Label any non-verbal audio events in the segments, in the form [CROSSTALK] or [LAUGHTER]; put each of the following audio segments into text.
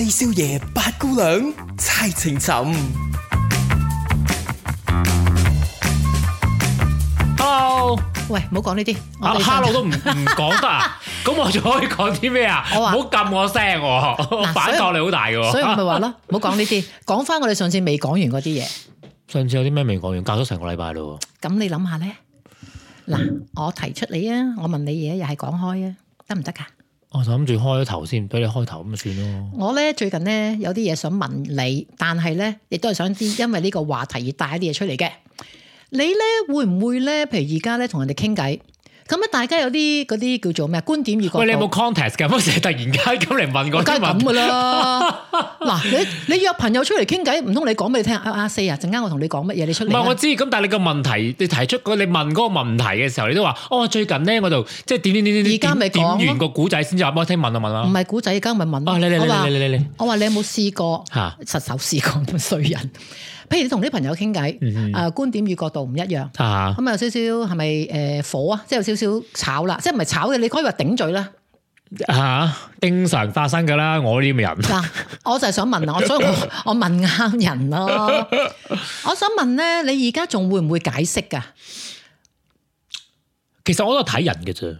四少爺、八姑娘，猜情尋。Hello，喂，唔好講呢啲。啊，Hello 都唔唔講得啊？咁我仲可以講啲咩啊？唔好撳我聲，我反覺你好大嘅。所以我咪話咯，唔好講呢啲，講翻我哋上次未講完嗰啲嘢。上次有啲咩未講完，隔咗成個禮拜咯。咁你諗下咧？嗱，我提出你啊，我問你嘢，又係講開啊，得唔得噶？我就諗住開頭先，俾你開頭咁算咯。我咧最近咧有啲嘢想問你，但係咧亦都係想知，因為呢個話題而帶一啲嘢出嚟嘅。你咧會唔會咧？譬如而家咧同人哋傾偈。咁啊！大家有啲嗰啲叫做咩啊？觀點與角度。喂，你有冇 context 㗎？乜 [LAUGHS] 突然間咁嚟問，過問我？梗係咁㗎啦！嗱，你你約朋友出嚟傾偈，唔通你講俾佢聽？阿阿 C 啊，陣間、啊、我同你講乜嘢？你出嚟。唔係、嗯、我知，咁但係你個問題，你提出佢你問嗰個問題嘅時候，你都話：哦，最近咧我就即係點點點點點點完個古仔先至話，我聽問啊問啊。唔係古仔，而家咪問咯、啊。你你你你，嚟我話你有冇試過嚇實手試過咁衰人？譬如你同啲朋友傾偈，啊觀點與角度唔一樣，咁啊有少少係咪誒火啊，即係有少少炒啦，即係唔係炒嘅，你可以話頂嘴啦，吓經常發生噶啦，我呢啲人嗱，我就係想問啊，所以我我問啱人咯，我想問咧，你而家仲會唔會解釋噶？其實我都係睇人嘅啫，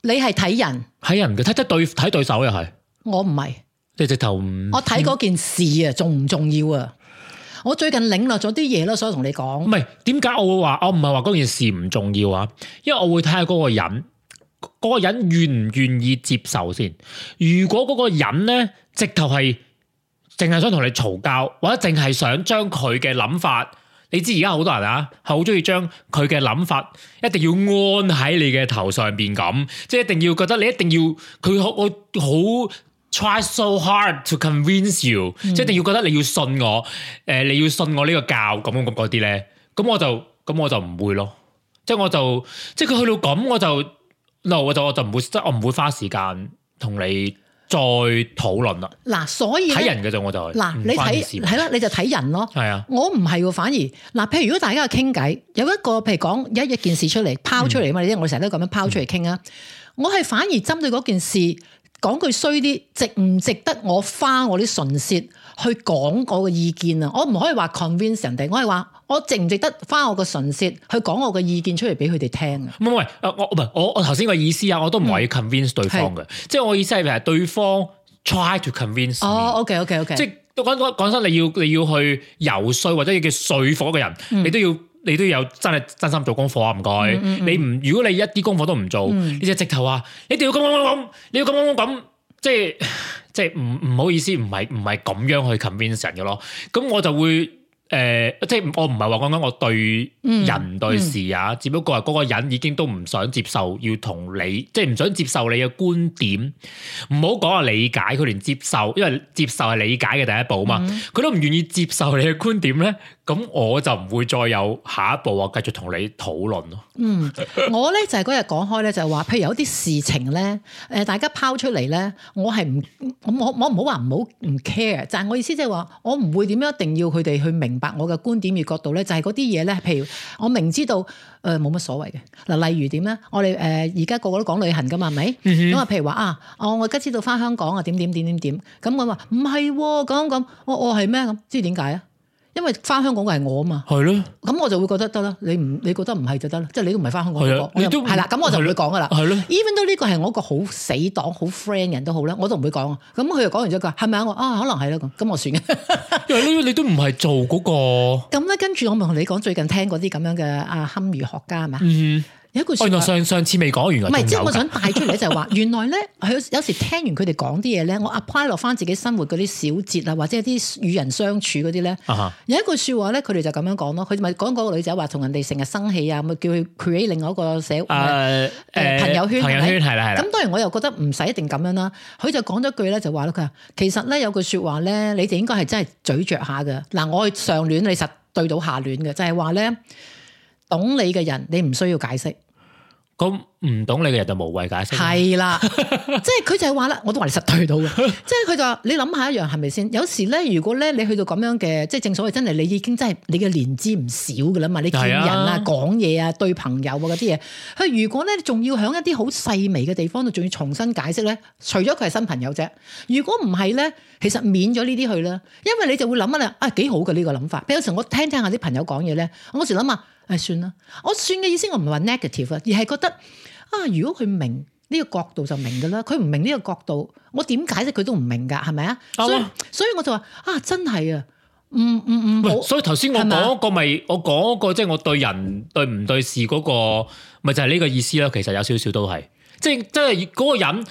你係睇人睇人嘅睇睇對睇對手又係我唔係，即係直頭我睇嗰件事啊重唔重要啊？我最近領略咗啲嘢啦，所以同你講。唔係點解我會話？我唔係話嗰件事唔重要啊，因為我會睇下嗰個人，嗰個人願唔願意接受先。如果嗰個人咧，直頭係淨係想同你嘈交，或者淨係想將佢嘅諗法，你知而家好多人啊，係好中意將佢嘅諗法一定要安喺你嘅頭上邊咁，即係一定要覺得你一定要佢我好。Try so hard to convince you，、嗯、即係你要覺得你要信我，誒你要信我呢個教咁咁嗰啲咧，咁我就咁我就唔會咯，即係我就即係佢去到咁，我就嗱我就我就唔會即我唔會花時間同你再討論啦。嗱、啊、所以睇人嘅就我就嗱、啊、你睇係啦，你就睇人咯。係是啊，我唔係喎，反而嗱、啊，譬如如果大家傾偈，有一個譬如講有一件事出嚟拋出嚟啊嘛，即係我成日都咁樣拋出嚟傾啊，我係、嗯嗯、反而針對嗰件事。講句衰啲，值唔值得我花我啲唇舌去講我嘅意見啊？我唔可以話 convince 人哋，我係話我值唔值得花我嘅唇舌去講我嘅意見出嚟俾佢哋聽啊？唔係唔係，誒、嗯、我唔係我我頭先個意思啊，我都唔係要 convince 對方嘅，是即係我意思係譬如對方 try to convince 哦、oh，OK OK OK，即係講講講真你要你要去游說或者要叫說服嘅人，嗯、你都要。你都有真係真心做功課啊，唔該。嗯嗯、你唔如果你一啲功課都唔做，嗯、你只直頭話，你一定要咁咁咁，你要咁咁咁，即係即係唔唔好意思，唔係唔係咁樣去 convince 嘅咯。咁我就會誒，即、呃、係、就是、我唔係話講緊我對人對事啊，嗯嗯、只不過係嗰個人已經都唔想接受要同你，即係唔想接受你嘅觀點。唔好講話理解佢，連接受，因為接受係理解嘅第一步啊嘛。佢、嗯、都唔願意接受你嘅觀點咧。咁我就唔會再有下一步啊，繼續同你討論咯。嗯， [LAUGHS] 我咧就係嗰日講開咧，就係話，譬如有啲事情咧，誒、呃，大家拋出嚟，咧，我係唔我冇我唔好話唔好唔 care，但係我意思即係話，我唔會點樣一定要佢哋去明白我嘅觀點與角度咧，就係嗰啲嘢咧。譬如我明知道誒，冇、呃、乜所謂嘅嗱，例如點咧？我哋誒而家個個都講旅行噶嘛，係咪？咁啊，譬如話啊，我我而家知道返香港啊，點點點點點，咁我話唔係咁咁，我我係咩咁？知點解啊？因為翻香港嘅係我啊嘛，係咯的，咁我就會覺得得啦。你唔你覺得唔係就得啦，即係你都唔係翻香港我講，係啦，咁我就唔的會講噶啦。係咧，even 都呢個係我個好死黨，好 friend 人都好啦，我都唔會講啊。咁佢又講完咗句，係咪啊？哦，可能係咯咁，咁我算。因 [LAUGHS] 咯，你都唔係做嗰、嗰個。咁咧， [LAUGHS] 跟住我咪同你講最近聽嗰啲咁樣嘅啊堪輿學家係咪啊？嗯有一句説話、哦、原來上上次未講完，唔係即係我想帶出嚟就係話 [LAUGHS] 原來咧，佢有時聽完佢哋講啲嘢咧，我 apply 落翻自己生活嗰啲小節啊，或者有啲與人相處嗰啲咧，uh huh. 有一句説話咧，佢哋就咁樣講咯。佢咪講嗰個女仔話同人哋成日生氣啊，咪叫佢 create 另外一個社誒、uh, 呃、朋友圈、呃、朋友圈係啦係啦。咁吧當然我又覺得唔使一定咁樣啦。佢就講咗句咧，就話佢話其實咧，有句説話咧，你哋應該係真係咀嚼下嘅。嗱，我去上聯，你實對到下聯嘅，就係話咧。懂你嘅人，你唔需要解釋。咁唔懂你嘅人就無謂解釋。係啦，即係佢就係話啦，我都話你實對到嘅。即係佢就話，你諗下一樣係咪先？有時咧，如果咧你去到咁樣嘅，即係正所謂真係你已經真係你嘅年資唔少噶啦嘛，你見人啊、講嘢啊、對朋友啊嗰啲嘢，佢如果咧仲要喺一啲好細微嘅地方度，仲要重新解釋咧，除咗佢係新朋友啫。如果唔係咧，其實免咗呢啲去啦，因為你就會諗啊，啊幾好嘅呢個諗法。譬如有時我聽聽下啲朋友講嘢咧，我有時諗下。誒，算啦，我算嘅意思我唔係話 negative 啊，而係覺得啊，如果佢明呢、這個角度就明噶啦，佢唔明呢個角度，我點解釋佢都唔明噶，係咪啊？ [MUSIC] 所以所以我就話啊，真係啊，唔唔唔所以頭先我講、嗰個咪吧、嗰個，我講、嗰個即係、就是、我對人對唔對事嗰、嗰個咪就係、是、呢個意思啦。其實有少少都係，即係即係嗰個人。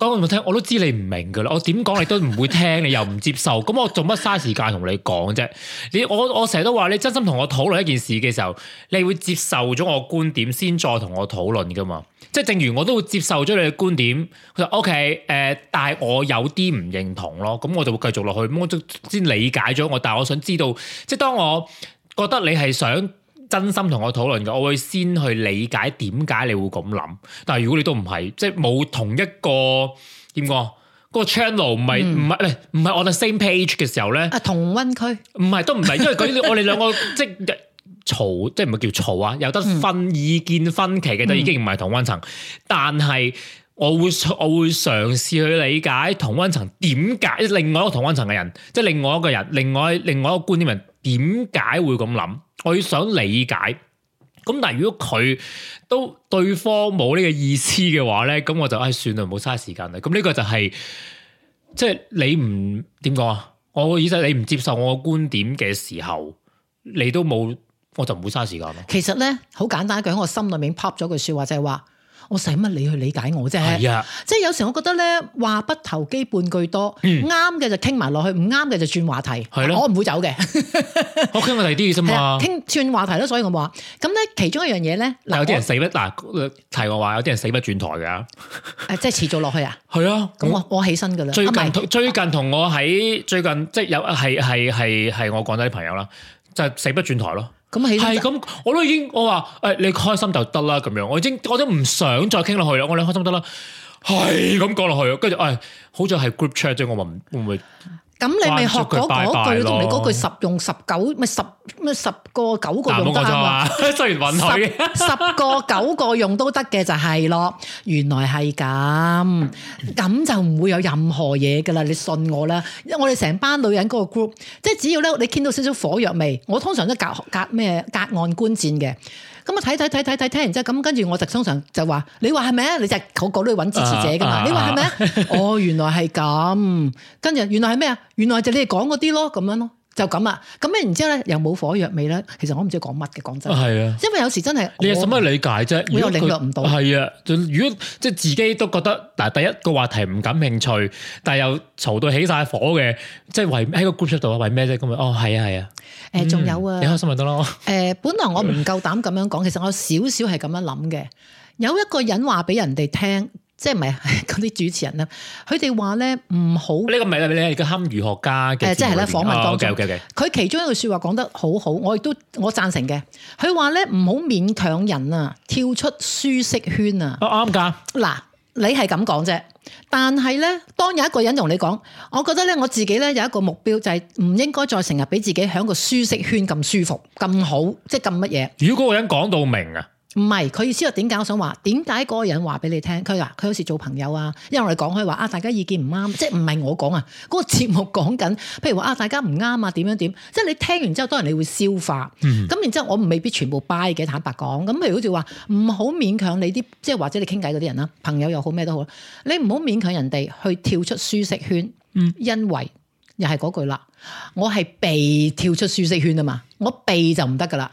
講我冇聽，我都知你唔明噶啦。我點講你都唔會聽，你又唔接受。咁我做乜嘥時間同你講啫？你我我成日都話，你真心同我討論一件事嘅時候，你會接受咗我觀點先再同我討論噶嘛？即係正如我都會接受咗你嘅觀點，佢就 OK 誒、呃，但係我有啲唔認同咯。咁我就會繼續落去。咁我都先理解咗我，但係我想知道，即係當我覺得你係想。真心同我討論嘅，我會先去理解點解你會咁諗。但係如果你都唔係，即係冇同一個點講，嗰、嗰個 channel 唔係唔係，唔係我哋 same page 嘅時候咧。啊，同溫區唔係都唔係，因為啲我哋兩個 [LAUGHS] 即係嘈，即係唔係叫嘈啊？有得分、嗯、意見分歧嘅，就已經唔係同溫層。嗯、但係我會我會嘗試去理解同溫層點解另外一個同溫層嘅人，即係另外一個人，另外另外一個觀點人點解會咁諗？我要想理解，咁但係如果佢都對方冇呢個意思嘅話咧，咁我就唉、哎、算啦，唔好嘥時間啦。咁、這、呢個就係、是、即係你唔點講啊？我意思係你唔接受我觀點嘅時候，你都冇，我就唔會嘥時間咯。其實咧，好簡單一句喺我心裏面 pop 咗句說話，就係、是、話。我使乜你去理解我啫？係啊，即係有時我覺得咧，話不投機半句多，啱嘅就傾埋落去，唔啱嘅就轉話題，的我唔會走嘅。我傾我哋啲嘢啫嘛，傾轉話題咯。所以我話咁咧，其中一樣嘢咧，有啲人死不嗱提我話我，有啲人死不轉台噶，誒扯，即係遲早落去啊。係啊，咁我我我起身噶啦、啊。最近最近同我喺最近即係有係係係係我廣州啲朋友啦，就係死不轉台咯。係咁，我都已經我話誒、哎，你開心就得啦，咁樣，我已經我都唔想再傾落去啦，我哋開心得啦，係咁講落去，跟住誒，好似係 group chat 啫，我問會唔會？ [LAUGHS] 咁你咪學嗰嗰句，同你嗰句十用十九，咪十咩十個九個用得啊嘛？雖然允許，十個九個用都得嘅就係咯，原來係咁，咁就唔會有任何嘢㗎啦，你信我啦。因為我哋成班女人嗰個 group，即係只要咧你見到少少火藥味，我通常都隔隔咩隔岸觀戰嘅。咁我睇睇睇睇睇完之後，咁跟住我就通常就話：你話係咪啊？你就個個都要揾支持者噶嘛？Uh, uh，你話係咪啊？哦，原來係咁。跟住原來係咩啊？原來就係你哋講嗰啲咯，咁樣咯。就咁啊，咁咧然之後咧又冇火藥味啦。其實我唔知講乜嘅，講真。啊，係啊，因為有時真係你有什麼理解啫，我領略唔到。係啊，如果即係自己都覺得嗱，但第一個話題唔感興趣，但又嘈到起晒火嘅，即係喺個 group chat 度，為咩啫？咁啊，哦，係啊，係啊，誒、嗯，仲有啊，你開心咪得咯。誒， [LAUGHS] 本來我唔夠膽咁樣講，其實我有少少係咁樣諗嘅，有一個人話俾人哋聽。即係唔係嗰啲主持人咧？佢哋話咧唔好呢、啊、個咪你係個堪輿學家嘅？誒，即係咧訪問當中，佢、oh, okay, okay, okay. 其中一句說話講得好好，我亦都我贊成嘅。佢話咧唔好勉強人啊，跳出舒適圈啊。啱噶、oh。嗱，你係咁講啫，但係咧，當有一個人同你講，我覺得咧我自己咧有一個目標就係、是、唔應該再成日俾自己喺個舒適圈咁舒服、咁好，即係咁乜嘢。如果嗰個人講到明啊？唔係，佢意思係點解我想話？點解嗰個人話俾你聽？佢話佢好似做朋友啊，因為我哋講開話啊，大家意見唔啱，即係唔係我講啊？嗰、嗰個節目講緊，譬如話啊，大家唔啱啊，點樣點？即係你聽完之後，當然你會消化。咁、嗯、然之後，我未必全部 buy 嘅，坦白講。咁譬如好似話，唔好勉強你啲，即係或者你傾偈嗰啲人啦，朋友又好咩都好，你唔好勉強人哋去跳出舒適圈。嗯、因為又係嗰句啦，我係被跳出舒適圈啊嘛，我被就唔得噶啦。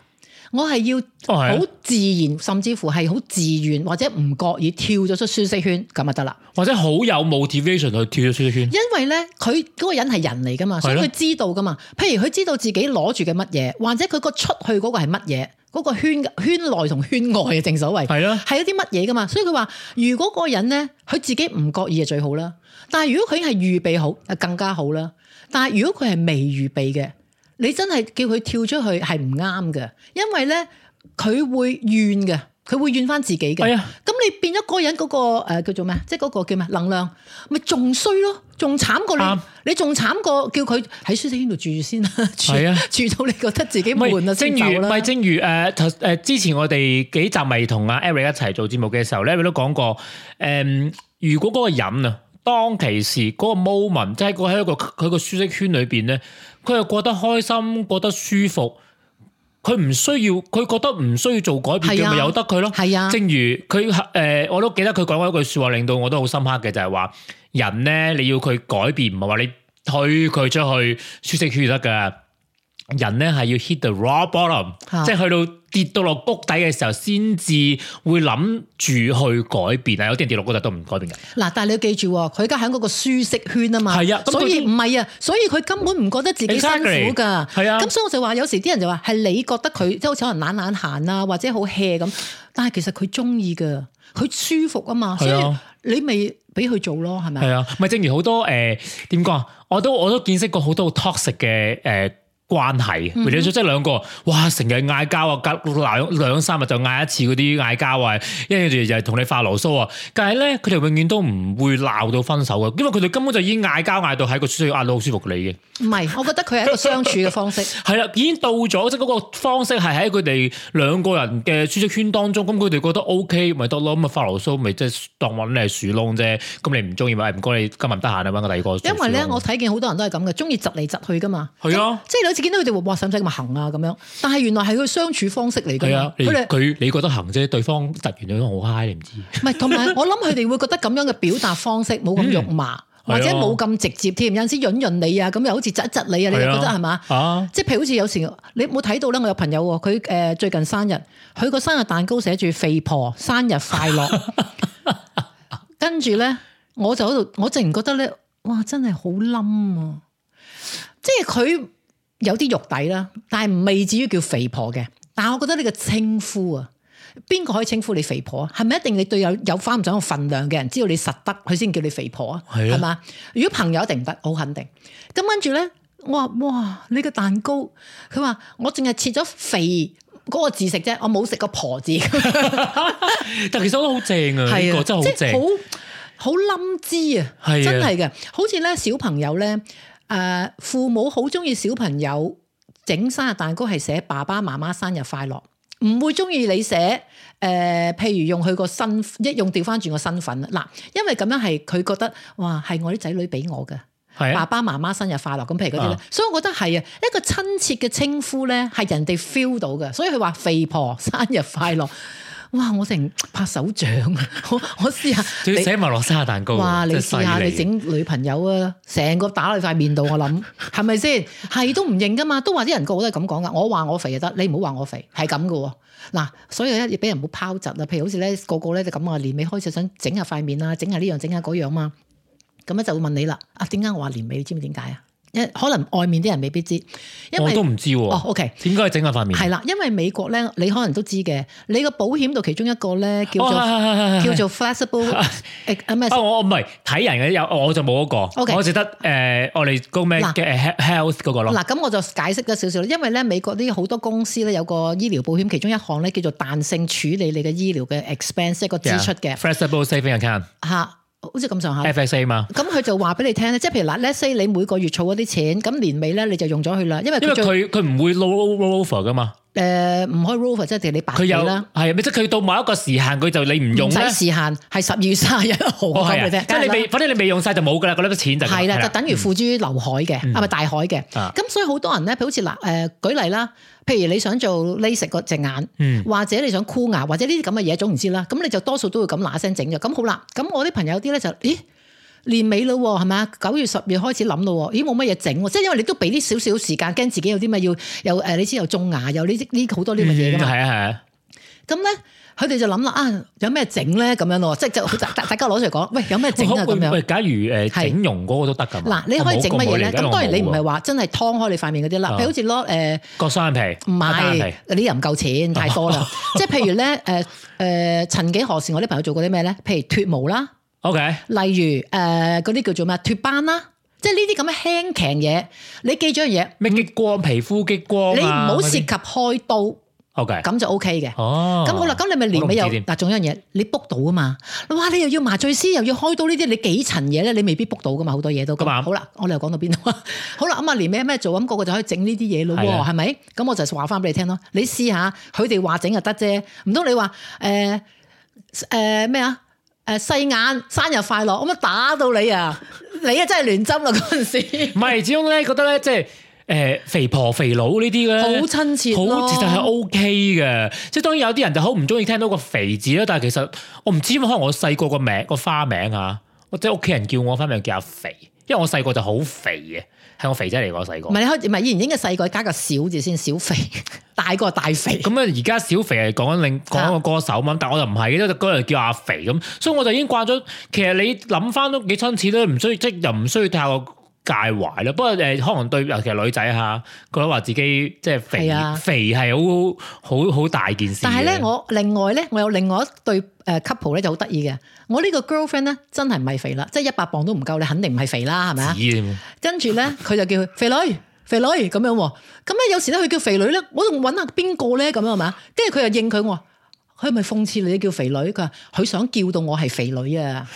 我係要好自然，哦、甚至乎係好自願或者唔覺意跳咗出舒適圈咁就得啦，或者好有 motivation 去跳咗出啲圈。因為咧，佢嗰個人係人嚟噶嘛，所以佢知道噶嘛。的譬如佢知道自己攞住嘅乜嘢，或者佢個出去嗰個係乜嘢，嗰、那個圈圈內同圈外嘅正所謂係咯，係的有啲乜嘢噶嘛。所以佢話，如果嗰個人咧，佢自己唔覺意係最好啦。但係如果佢已經係預備好，更加好啦。但係如果佢係未預備嘅。你真係叫佢跳出去係唔啱嘅，因為咧，佢會怨嘅，佢會怨翻自己嘅。係啊的，咁你變咗個人嗰、那個誒、呃、叫做咩？即係嗰個叫咩？能量咪仲衰咯，仲慘過你，啊、你仲慘過叫佢喺舒適圈度住住先啦。係啊的，住到你覺得自己悶啊，先走啦。正如，啦、呃。咪正如誒，誒之前我哋幾集咪同阿 Eric 一齊做節目嘅時候咧，佢都講過誒、呃，如果嗰個人啊，當其時嗰個 moment 即係喺一個佢個舒適圈裏邊咧。佢又過得開心，過得舒服，佢唔需要，佢覺得唔需要做改變嘅，咪、啊、由得佢咯。係啊，正如佢誒、呃，我都記得佢講過一句説話，令到我都好深刻嘅，就係、是、話人咧，你要佢改變，唔係話你推佢出去舒適區得嘅，人咧係要 hit the rock bottom，、啊、即係去到。跌到落谷底嘅時候，先至會諗住去改變啊！有啲人跌落谷底都唔改變嘅。嗱，但係你要記住，佢而家喺嗰個舒適圈啊嘛，啊所以唔係啊，所以佢根本唔覺得自己辛苦㗎。係、Exactly. 啊，咁所以我就話，有時啲人就話係你覺得佢即係好似可能懶懶閒啊，或者好 hea 咁，但係其實佢中意嘅，佢舒服啊嘛，啊所以你咪俾佢做咯，係咪啊？係啊，咪正如好多誒點講，我都我都見識過好多 toxic 嘅誒。呃關係，嗯、哼即係兩個，哇成日嗌交啊，隔鬧兩三日就嗌一次嗰啲嗌交啊，跟住就係同你發牢騷啊。但係咧，佢哋永遠都唔會鬧到分手啊。因為佢哋根本就已經嗌交嗌到喺個舒適壓到好舒服你嘅。唔係，我覺得佢係一個相處嘅方式。係啦、 [LAUGHS] [LAUGHS] 嗯，已經到咗即係嗰個方式係喺佢哋兩個人嘅舒適圈當中，咁佢哋覺得 O K，咪得咯，咁啊發牢騷咪即係當搵你係鼠窿啫。咁你唔中意，咪唔該你今日得閒你搵個第二個。因為咧，我睇見好多人都係咁嘅，中意窒嚟窒去噶嘛。係啊 Bing、就係，即係。即即見到佢哋話，哇使唔使咁行啊咁樣，但係原來係佢相處方式嚟嘅。佢、啊、你們你覺得行啫，對方突然都好嗨，你唔知。唔係，同埋我諗佢哋會覺得咁樣嘅表達方式冇咁肉麻，嗯、或者冇咁直接添，有陣、啊、時潤潤你啊，咁又好似窒一窒你啊。你哋覺得係嘛、啊啊？即係譬如好似有時你冇睇到咧，我有朋友，佢誒、呃、最近生日，佢個生日蛋糕寫住肥婆生日快樂， [LAUGHS] 跟住咧我就喺度，我突然覺得咧，哇真係好冧啊！即係佢。有啲肉底啦，但係未至於叫肥婆嘅。但係我覺得呢個稱呼啊，邊個可以稱呼你肥婆啊？係咪一定你對有有翻唔上份量嘅人，知道你實得，佢先叫你肥婆是啊？係啊，係嘛？如果朋友一定唔得，好肯定。咁跟住咧，我話：哇，你個蛋糕！佢話：我淨係切咗肥嗰個字食啫，我冇食個婆字。但其實我覺得好正啊，呢、啊、真係好正，好冧枝啊，是啊，真係嘅，好似咧小朋友咧。誒父母好中意小朋友整生日蛋糕，係寫爸爸媽媽生日快樂，唔會中意你寫誒、呃，譬如用佢個身一用掉翻轉個身份啦，因為咁樣係佢覺得，哇係我啲仔女俾我嘅，啊、爸爸媽媽生日快樂咁，譬如嗰啲咧，啊、所以我覺得係啊，一個親切嘅稱呼咧，係人哋 feel 到嘅，所以佢話肥婆生日快樂。 [LAUGHS] 哇！我成拍手掌， [LAUGHS] 我我試下，仲要寫埋落生日蛋糕。哇！嘗嘗你試下你整女朋友啊，成個打落你塊面度，我諗係咪先？係 [LAUGHS] 都唔認噶嘛，都話啲人個個都係咁講噶。我話我肥就得，你唔好話我肥係咁噶喎。嗱、哦，所以咧要俾人唔好拋窒啦。譬如好似咧個個咧就咁啊，年尾開始想整下塊面啊，整下呢樣整下嗰樣啊嘛。咁咧就會問你啦。啊，點解我話年尾？你知唔知點解啊？可能外面啲人未必知，因我都唔知喎。哦，OK，點解要整下塊面？係啦，因為美國咧，你可能都知嘅。你個保險度其中一個咧，叫做叫做 Flexible。啊，我唔係睇人嘅，有我就冇嗰個，我只得誒，我哋嗰咩嘅 health 嗰個咯。嗱，咁我就解釋咗少少啦。因為咧，美國啲好多公司咧有個醫療保險，其中一項咧叫做彈性處理你嘅醫療嘅 expense，一個支出嘅 Flexible Savings Account。嚇！好似咁上下，FSA 嘛？咁佢就話俾你聽咧，即係譬如嗱，Let's say 你每個月儲嗰啲錢，咁年尾咧你就用咗佢啦，因為因為佢佢唔會 roll over 噶嘛。誒唔開 roof 或者係你白有啦，係咪即係佢到某一個時限佢就你唔用咧？唔使時限係十二月三十一號咁嘅啫，哦啊、即係你未，反正你未用晒就冇㗎啦，嗰啲錢就係啦，就等於付諸於流海嘅，啊咪、嗯、大海嘅，咁、嗯嗯、所以好多人咧，譬如好似嗱誒，舉例啦，譬如你想做 laser 嗰隻眼，嗯、或者你想箍牙，或者呢啲咁嘅嘢，總然之啦，咁你就多數都會咁嗱聲整咗。咁好啦，咁我啲朋友啲咧就咦？年尾咯，係咪啊？九月十月開始諗咯，咦？冇乜嘢整，即係因為你都俾啲少少時間，驚自己有啲咩要又誒，你知又種牙又呢啲呢好多呢啲嘢咁。係啊係啊，咁咧佢哋就諗啦，啊有咩整咧咁樣咯，即係就大家攞出嚟講，喂有咩整啊咁樣？喂，假如誒、呃、整容嗰個都得㗎嘛？嗱是，你可以整乜嘢咧？咁當然你唔係話真係劏開你塊面嗰啲啦，譬、嗯、如好似攞誒割雙眼皮，唔係你又唔夠錢，太多啦。 [LAUGHS] 即係譬如咧誒誒，曾、呃呃、幾何時我啲朋友做過啲咩咧？譬如脱毛啦。O Okay . K，例如誒嗰啲叫做咩脫斑啦，即係呢啲咁嘅輕強嘢，你記咗樣嘢咩激光皮膚激光，激光啊，你唔好涉及開刀。O K，咁就 O K 嘅。哦，咁好啦，咁你咪連尾又嗱，仲麼有一樣嘢，你 book 到啊嘛？哇，你又要麻醉師，又要開刀呢啲，你幾層嘢咧？你未必 book 到噶嘛，多好多嘢都。咁啊，好啦，我哋又講到邊度？ [LAUGHS] 好啦，咁啊，連尾咩做咁，個個就可以整呢啲嘢咯，係咪的？咁我就係話翻俾你聽咯，你試下，佢哋話整就得啫，唔通你話誒誒咩啊？呃呃呃呃誒、呃、細眼生日快樂，我啊打到你啊！你啊真係亂針啊！嗰陣時。唔係，始終咧覺得咧，即係誒、呃、肥婆肥佬呢啲咧，好親切，好，其實係 O K 嘅。即係當然有啲人就好唔中意聽到個肥字啦，但係其實我唔知可能我細個個名個花名啊，或者屋企人叫我花名叫阿肥，因為我細個就好肥啊。係我肥仔嚟，我細個。唔係你開，唔係以前應該細個加個小字先，小肥大個大肥。咁啊，而家小肥係講緊另講緊個歌手嘛，但係我又唔係，因為個歌手叫阿肥咁，所以我就已經慣咗。其實你諗翻都幾親切咧，唔需要，即又唔需要太。下。介懷咯，不過誒，可能對，尤其係女仔吓，覺得話自己即係肥，肥係好好好大件事。但係咧，我另外咧，我有另外一對誒 couple 咧，就好得意嘅。我呢個 girlfriend 咧，真係唔係肥啦，即係一百磅都唔夠，你肯定唔係肥啦，係咪啊？跟住咧，佢就叫佢肥女，肥女咁樣喎。咁咧，有時咧，佢叫肥女咧，我仲揾下邊個咧，咁樣係嘛？跟住佢又應佢我。佢係咪諷刺你叫肥女，佢話佢想叫到我係肥女啊！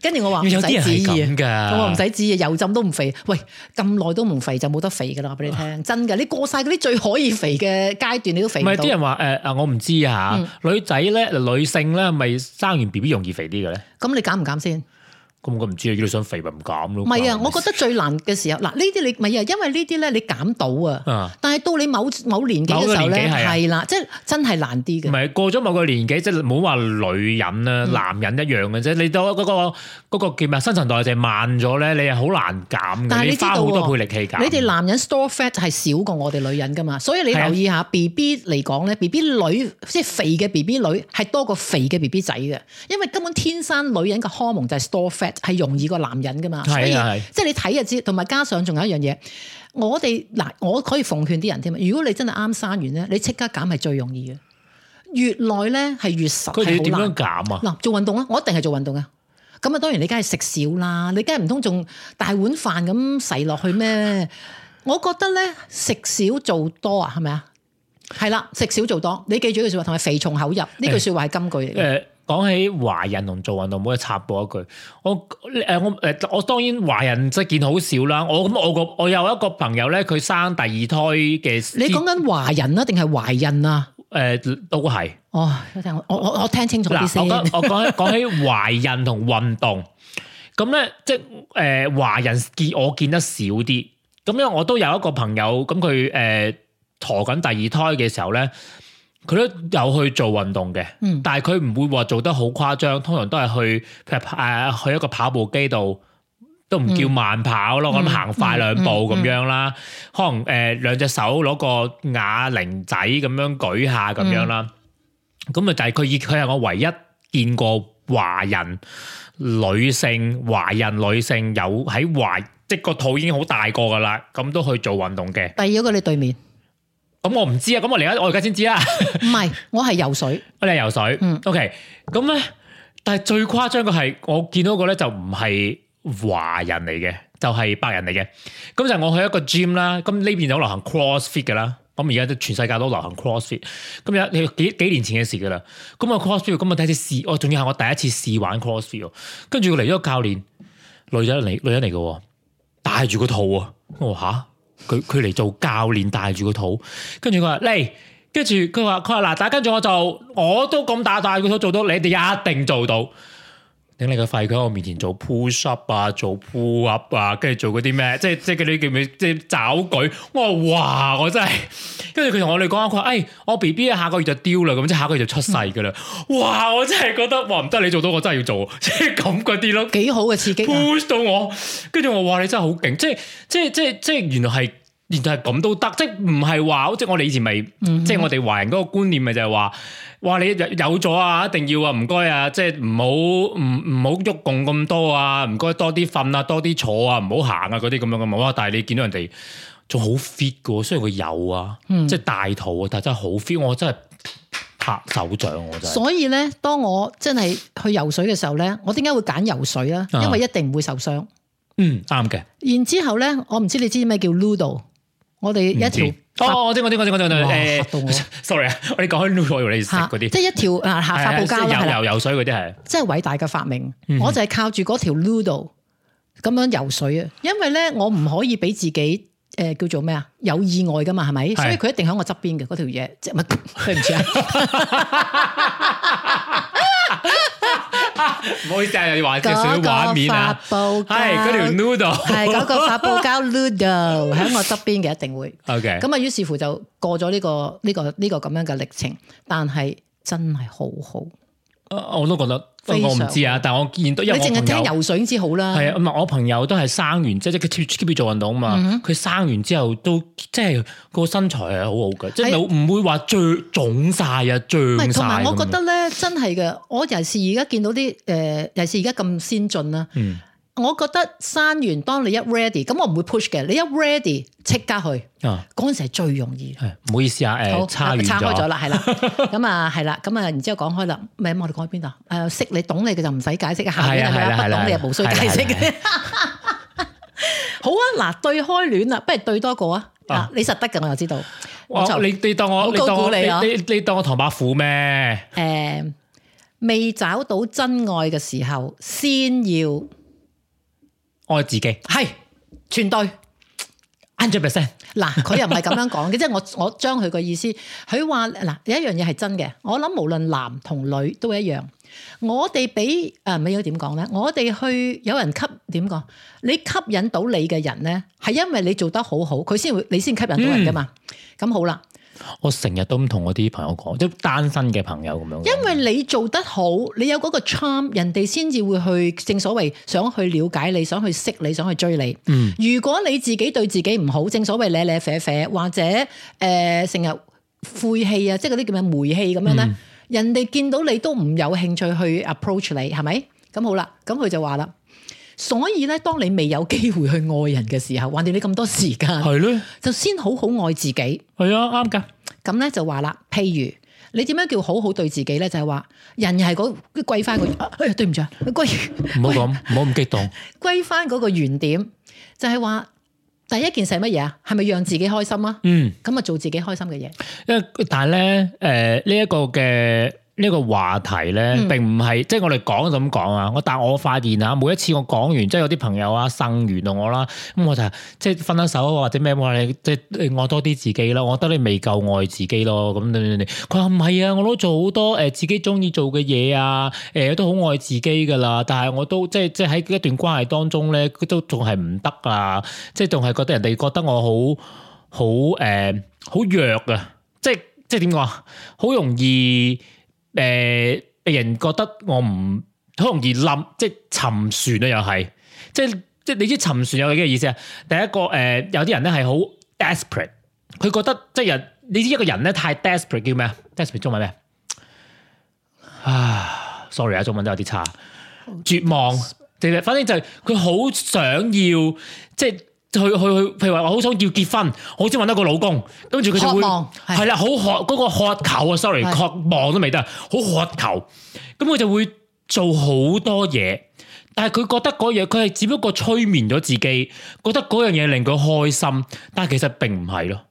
跟住我話唔使指意， [LAUGHS] 我唔使指意，油浸都唔肥，喂咁耐都唔肥就冇得肥噶啦！話俾你聽真噶，你過晒嗰啲最可以肥嘅階段，你都肥唔到。咪啲、嗯、人話誒啊，我唔知啊嚇，女仔咧女性咧，咪生完 B B 容易肥啲嘅咧？咁、嗯、你減唔減先？咁我唔知，如果你想肥咪唔減咯。唔係啊，我覺得最難嘅時候，嗱呢啲你唔係啊，因為呢啲咧你減到啊，但係到你某某年紀嘅時候咧，係啦、啊，即係、啊就是、真係難啲嘅。唔係過咗某個年紀，即係唔好話女人啊，男人一樣嘅啫。你到嗰個嗰個叫咩新陳代謝慢咗咧，你係好難減。但係你知道喎、啊，你哋男人 store fat 係少過我哋女人噶嘛，所以你留意下 B B 嚟講咧，B B 女即係肥嘅 B B 女係多過肥嘅 B B 仔嘅，因為根本天生女人嘅荷爾蒙就係 store fat。係容易過男人噶嘛，所以，係係即係你睇就知。同埋加上仲有一樣嘢，我哋嗱，我可以奉勸啲人添嘛。如果你真係啱生完咧，你即刻減係最容易嘅。越耐咧係越實，佢哋點樣減啊？嗱，做運動啦，我一定係做運動嘅。咁啊，當然你梗係食少啦，你梗係唔通仲大碗飯咁噬落去咩？我覺得咧，食少做多啊，係咪啊？係啦，食少做多，你記住呢句說話，同埋肥從口入呢句說話係金句嚟嘅。嗯呃講起華人同做運動，我插播一句，我誒、呃、我誒、呃、我當然華人即見好少啦。我咁我個我有一個朋友咧，佢生第二胎嘅時。你講緊華人啊，定係懷孕啊？誒、呃，都係。哦，我我我聽清楚啲先、呃。我講講起懷孕同運動，咁咧即誒華人見我見得少啲。咁樣我都有一個朋友，咁佢誒陀緊第二胎嘅時候咧。佢都有去做運動嘅，嗯、但係佢唔會話做得好誇張，通常都係去，譬如去一個跑步機度，都唔叫慢跑咯，咁行、嗯、快兩步咁、嗯嗯嗯、樣啦，可能誒、呃、兩隻手攞個啞鈴仔咁樣舉下咁樣啦。咁啊、嗯，就係佢以佢係我唯一見過華人女性、華人女性有喺懷即個、即係、肚已經好大個噶啦，咁都去做運動嘅。第二個你對面。咁我唔知啊，咁我而家我而家先知啦。唔 [LAUGHS] 係，我係游水。我係游水。嗯，OK。咁咧，但係最誇張嘅係，我見到個咧就唔係華人嚟嘅，就係、是、白人嚟嘅。咁就我去一個 gym 啦。咁呢邊有流行 crossfit 嘅啦。咁而家都全世界都流行 crossfit。咁有你幾幾年前嘅事噶啦。咁啊 crossfit，咁我第一次試，我、哦、仲要係我第一次試玩 crossfit。跟住佢嚟咗個教練，女仔嚟，女人嚟嘅，戴住個套啊。我話吓。佢佢嚟做教練帶住個肚，跟住佢話嚟，跟住佢話佢話嗱，但係跟住我就我都咁大個肚做到，你哋一定做到。聽你個肺鬼喺我面前做 push up 啊，做 pull up 啊，跟住做嗰啲咩？即係即係嗰啲叫咩？即係找佢？我話哇，我真係，跟住佢同我哋講，佢話誒，我 B B 下個月就丟啦，咁即係下個月就出世噶啦。嗯、哇，我真係覺得哇唔得，你做到我真係要做，即係咁嗰啲咯，幾好嘅刺激，啊、push 到我。跟住我話你真係好勁，即係即係即係即係，即即原來係。然就係咁都得，即係唔係話，即係我哋以前咪，嗯、哼即係我哋華人嗰個觀念咪就係話，話你有咗啊，一定要啊，唔該啊，即係唔好唔唔好喐共咁多啊，唔該多啲瞓啊，多啲坐啊，唔好行啊，嗰啲咁樣嘅冇啊。但係你見到人哋仲好 fit 嘅，雖然佢有啊，嗯、即係大肚，啊，但係真係好 fit，我真係拍手掌我真係。所以咧，當我真係去游水嘅時候咧，我點解會揀游水啊？因為一定唔會受傷。嗯，啱嘅。然之後咧，我唔知你知唔知咩叫 Ludo？我哋一條哦，即係嗰啲嗰啲嗰度誒，sorry 啊，我哋講開 Ludo 你意思？啲，即係一條啊，下發布膠游游水嗰啲係，即係偉大嘅發明，嗯、哼我就係靠住嗰條 Ludo 咁樣游水啊，因為咧我唔可以俾自己誒、呃、叫做咩啊，有意外噶嘛，係咪？是所以佢一定喺我側邊嘅嗰條嘢，即係唔係，對唔住啊。 [LAUGHS] 唔、 [LAUGHS] 啊、好意思啊，你話少水畫面啊，係嗰條 noodle，係嗰個發泡膠 noodle，喺 [LAUGHS] 我側邊嘅一定會，OK，咁啊，於是乎就過咗呢、呢個呢、呢個呢、呢個咁樣嘅歷程，但係真係好好。我都覺得我，我唔知啊。但係我見到因為你淨係聽游水之好啦。係啊，唔係我朋友都係生完即係佢 keep keep 做運動啊嘛。佢、嗯、哼生完之後都即係個身材係好好嘅，是即係唔會話脹腫晒啊、脹曬。同埋是樣我覺得咧，真係嘅。我尤其是而家見到啲誒、呃，尤其是而家咁先進啦。嗯。我覺得生完，當你一 ready，咁我唔會 push 嘅。你一 ready，即刻去，嗰陣時係最容易係。唔好意思啊，誒，叉開咗啦，係啦，咁啊，係啦，咁啊，然之後講開啦，咪咁我哋講去邊度？誒，識你懂你嘅就唔使解釋啊，係啦係啦，不懂你又無需解釋。好啊，嗱，對開戀啦，不如對多個啊。嗱，你實得嘅我就知道，我你你當我，我高估你啊，你你當我唐伯虎咩？誒，未找到真愛嘅時候，先要。愛自己係全對，百分之百嗱，佢又唔係咁樣講嘅，即係 [LAUGHS] 我我將佢個意思，佢話嗱有一樣嘢係真嘅，我諗無論男同女都一樣，我哋俾誒唔係應該點講咧？我哋去有人吸點講？你吸引到你嘅人咧，係因為你做得好好，佢先會你先吸引到人噶嘛？咁、嗯、好啦。我成日都唔同我啲朋友講，即係單身嘅朋友咁樣。因為你做得好，你有嗰個 charm，人哋先至會去，正所謂想去了解你，想去識你，想去追你。嗯。如果你自己對自己唔好，正所謂賴賴啡啡，或者誒成日晦氣啊，即係嗰啲叫咩煤氣咁樣咧，嗯、人哋見到你都唔有興趣去 approach 你，係咪？咁好啦，咁佢就話啦。所以咧，當你未有機會去愛人嘅時候，還掉你咁多時間，係咧，就先好好愛自己。係啊，啱㗎。咁咧就話啦，譬如你點樣叫好好對自己咧，就係話人係嗰歸翻個。哎呀，對唔住，歸唔好咁，唔好咁激動。歸翻嗰個原點，就係話第一件事係乜嘢啊？係咪讓自己開心啊？嗯，咁啊做自己開心嘅嘢。因為，嗯，但係咧，誒呢一個嘅。呢個話題咧並唔係即係我哋講就咁講啊！我但我發現啊，每一次我講完即係有啲朋友啊，生完到我啦，咁我就即係分咗手或者咩，我話，即係愛多啲自己咯。我覺得你未夠愛自己咯。咁點點點，佢話唔係啊，我都做好多誒、呃、自己中意做嘅嘢啊，誒、呃、都好愛自己㗎啦。但係我都即係即係喺一段關係當中咧，都仲係唔得啊！即係仲係覺得人哋覺得我好好誒、呃、好弱啊！即係即係點講啊？好容易。誒，俾、呃、人覺得我唔好容易冧，即係沉船啊，又係，即係即係你知沉船有幾個意思啊？第一個誒、呃，有啲人咧係好 desperate，佢覺得即係人，你知一個人咧太 desperate 叫咩？desperate 中文咩啊？sorry 啊，中文都有啲差，絕望，其實反正就係佢好想要，即係。去去去，譬如話我好想要結婚，好想揾一個老公，跟住佢就會係啦，好渴嗰、嗰個渴求啊，sorry，的渴望都未得，好渴求，咁佢就會做好多嘢，但係佢覺得嗰嘢，佢係只不過催眠咗自己，覺得嗰樣嘢令佢開心，但係其實並唔係咯。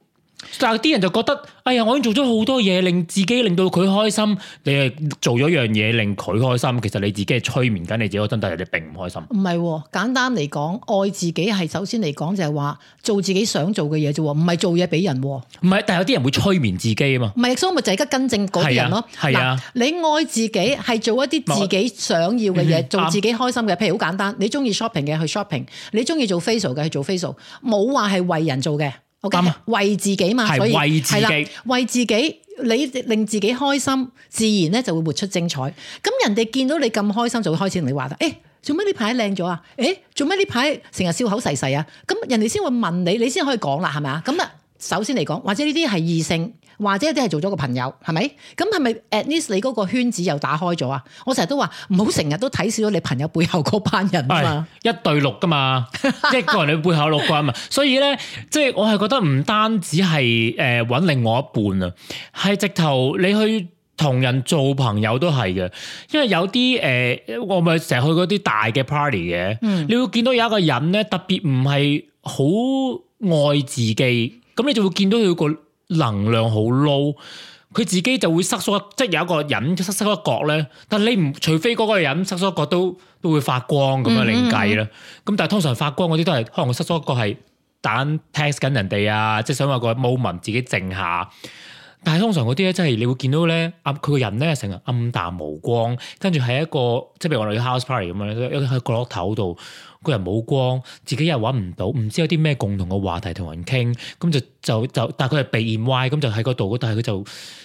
但係啲人就覺得，哎呀，我已經做咗好多嘢，令自己，令到佢開心。你做咗樣嘢令佢開心，其實你自己係催眠緊你自己，真係你並唔開心。唔係、啊，簡單嚟講，愛自己係首先嚟講就係話做自己想做嘅嘢啫，唔係做嘢俾人。唔係，但係有啲人會催眠自己啊嘛。唔係，所以我咪就而家更正嗰啲人咯。係啊，啊，你愛自己係做一啲自己想要嘅嘢，嗯、做自己開心嘅。譬、嗯、如好簡單，你中意 shopping 嘅去 shopping，你中意做 facial 嘅去做 facial，冇話係為人做嘅。O.K.，、嗯、為自己嘛，是所以係啦，為自己，你令自己開心，自然咧就會活出精彩。咁人哋見到你咁開心，就會開始同你話啦。誒、欸，做咩呢排靚咗啊？誒、欸，做咩呢排成日笑口細細啊？咁人哋先會問你，你先可以講啦，係咪啊？咁啊，首先嚟講，或者呢啲係異性，或者一啲係做咗個朋友，係咪？咁係咪 at least 你嗰個圈子又打開咗啊？我成日都話唔好成日都睇少咗你朋友背後嗰班人啊嘛，一對六噶嘛，即係 [LAUGHS] 個人你背後六個人嘛。所以咧，即係我係覺得唔單止係誒搵另外一半啊，係直頭你去同人做朋友都係嘅，因為有啲誒、呃，我咪成日去嗰啲大嘅 party 嘅，嗯、你會見到有一個人咧特別唔係好愛自己，咁你就會見到佢個。能量好 low，佢自己就會塞咗，即係有一個人塞塞咗角咧。但係你唔，除非嗰個人塞咗角都都會發光咁樣，另計啦。咁、嗯嗯嗯、但係通常發光嗰啲都係可能塞咗角係但 text 緊人哋啊，即係想話個 moment 自己靜下。但係通常嗰啲咧，真係你會見到咧，阿佢個人咧成日暗淡無光，跟住係一個即係譬如我哋咗 house party 咁樣咧，喺角落頭度，個人冇光，自己又揾唔到，唔知有啲咩共同嘅話題同人傾，咁就就就，但係佢係鼻歪，咁就喺嗰度，但係佢就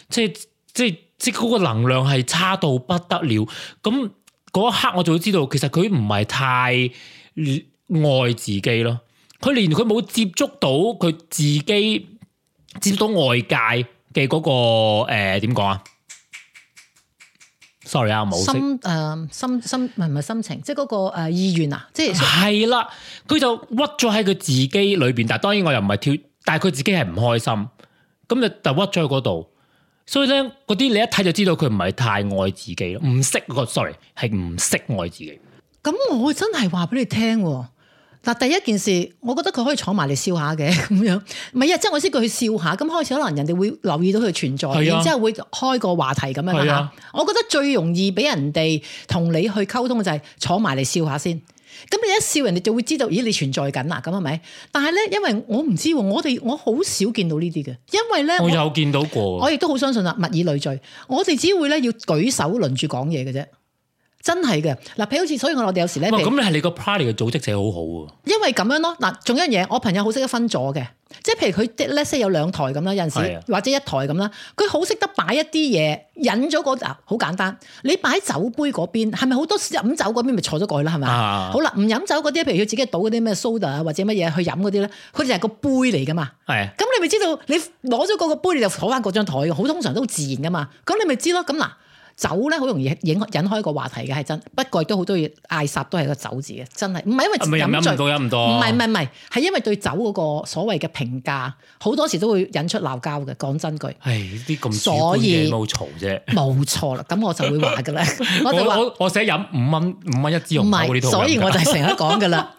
即係即係即係嗰個能量係差到不得了。咁嗰一刻我就會知道，其實佢唔係太愛自己咯。佢連佢冇接觸到佢自己，接觸到外界。嘅、嗰個誒點講啊？sorry 啊，冇心誒、呃、心心唔係唔係心情，即係嗰、嗰個誒、呃、意願啊，即係係啦，佢就屈咗喺佢自己裏邊，但係當然我又唔係跳，但係佢自己係唔開心，咁就就屈咗喺嗰度，所以咧嗰啲你一睇就知道佢唔係太愛自己咯，唔識、嗰個 sorry 係唔識愛自己。咁我真係話俾你聽。嗱，但第一件事，我覺得佢可以坐埋嚟笑下嘅咁樣，唔係啊，即係我先佢笑下，咁開始可能人哋會留意到佢存在，是啊、然之後會開個話題咁樣啦是、啊啊。我覺得最容易俾人哋同你去溝通嘅就係坐埋嚟笑下先，咁你一笑人哋就會知道，咦你存在緊、啊、啦，咁係咪？但係咧，因為我唔知喎，我哋我好少見到呢啲嘅，因為咧，我有見到過我，我亦都好相信啦，物以類聚，我哋只會咧要舉手輪住講嘢嘅啫。真係嘅，嗱，譬如好似，所以我哋有時咧，咁你係你個 party 嘅組織者好好喎，因為咁樣咯。嗱，仲有一樣嘢，我朋友好識得分座嘅，即係譬如佢的咧，有兩台咁啦，有陣時的或者一台咁啦，佢好識得擺一啲嘢引咗、個好簡單。你擺酒杯嗰邊，係咪好多飲酒嗰邊咪坐咗過去啦？係咪？的好啦，唔飲酒嗰啲，譬如佢自己倒嗰啲咩 soda 啊，或者乜嘢去飲嗰啲咧，佢就係個杯嚟噶嘛。係的。咁你咪知道你攞咗嗰個杯，你就坐翻嗰張台，好通常都好自然噶嘛。咁你咪知咯。咁嗱。酒呢好容易引引開個話題嘅係真，不過亦都好多嘢嗌霎都係個酒字嘅，真係唔係因為飲醉。飲唔到飲唔到。唔係唔係唔係，係因為對酒嗰個所謂嘅評價，好多時都會引出鬧交嘅。講真句。係啲咁屎嘅冇嘈啫。冇錯啦，咁我就會話㗎啦。我就話我成日飲五蚊五蚊一支，我唔係，是所以我就成日講㗎啦。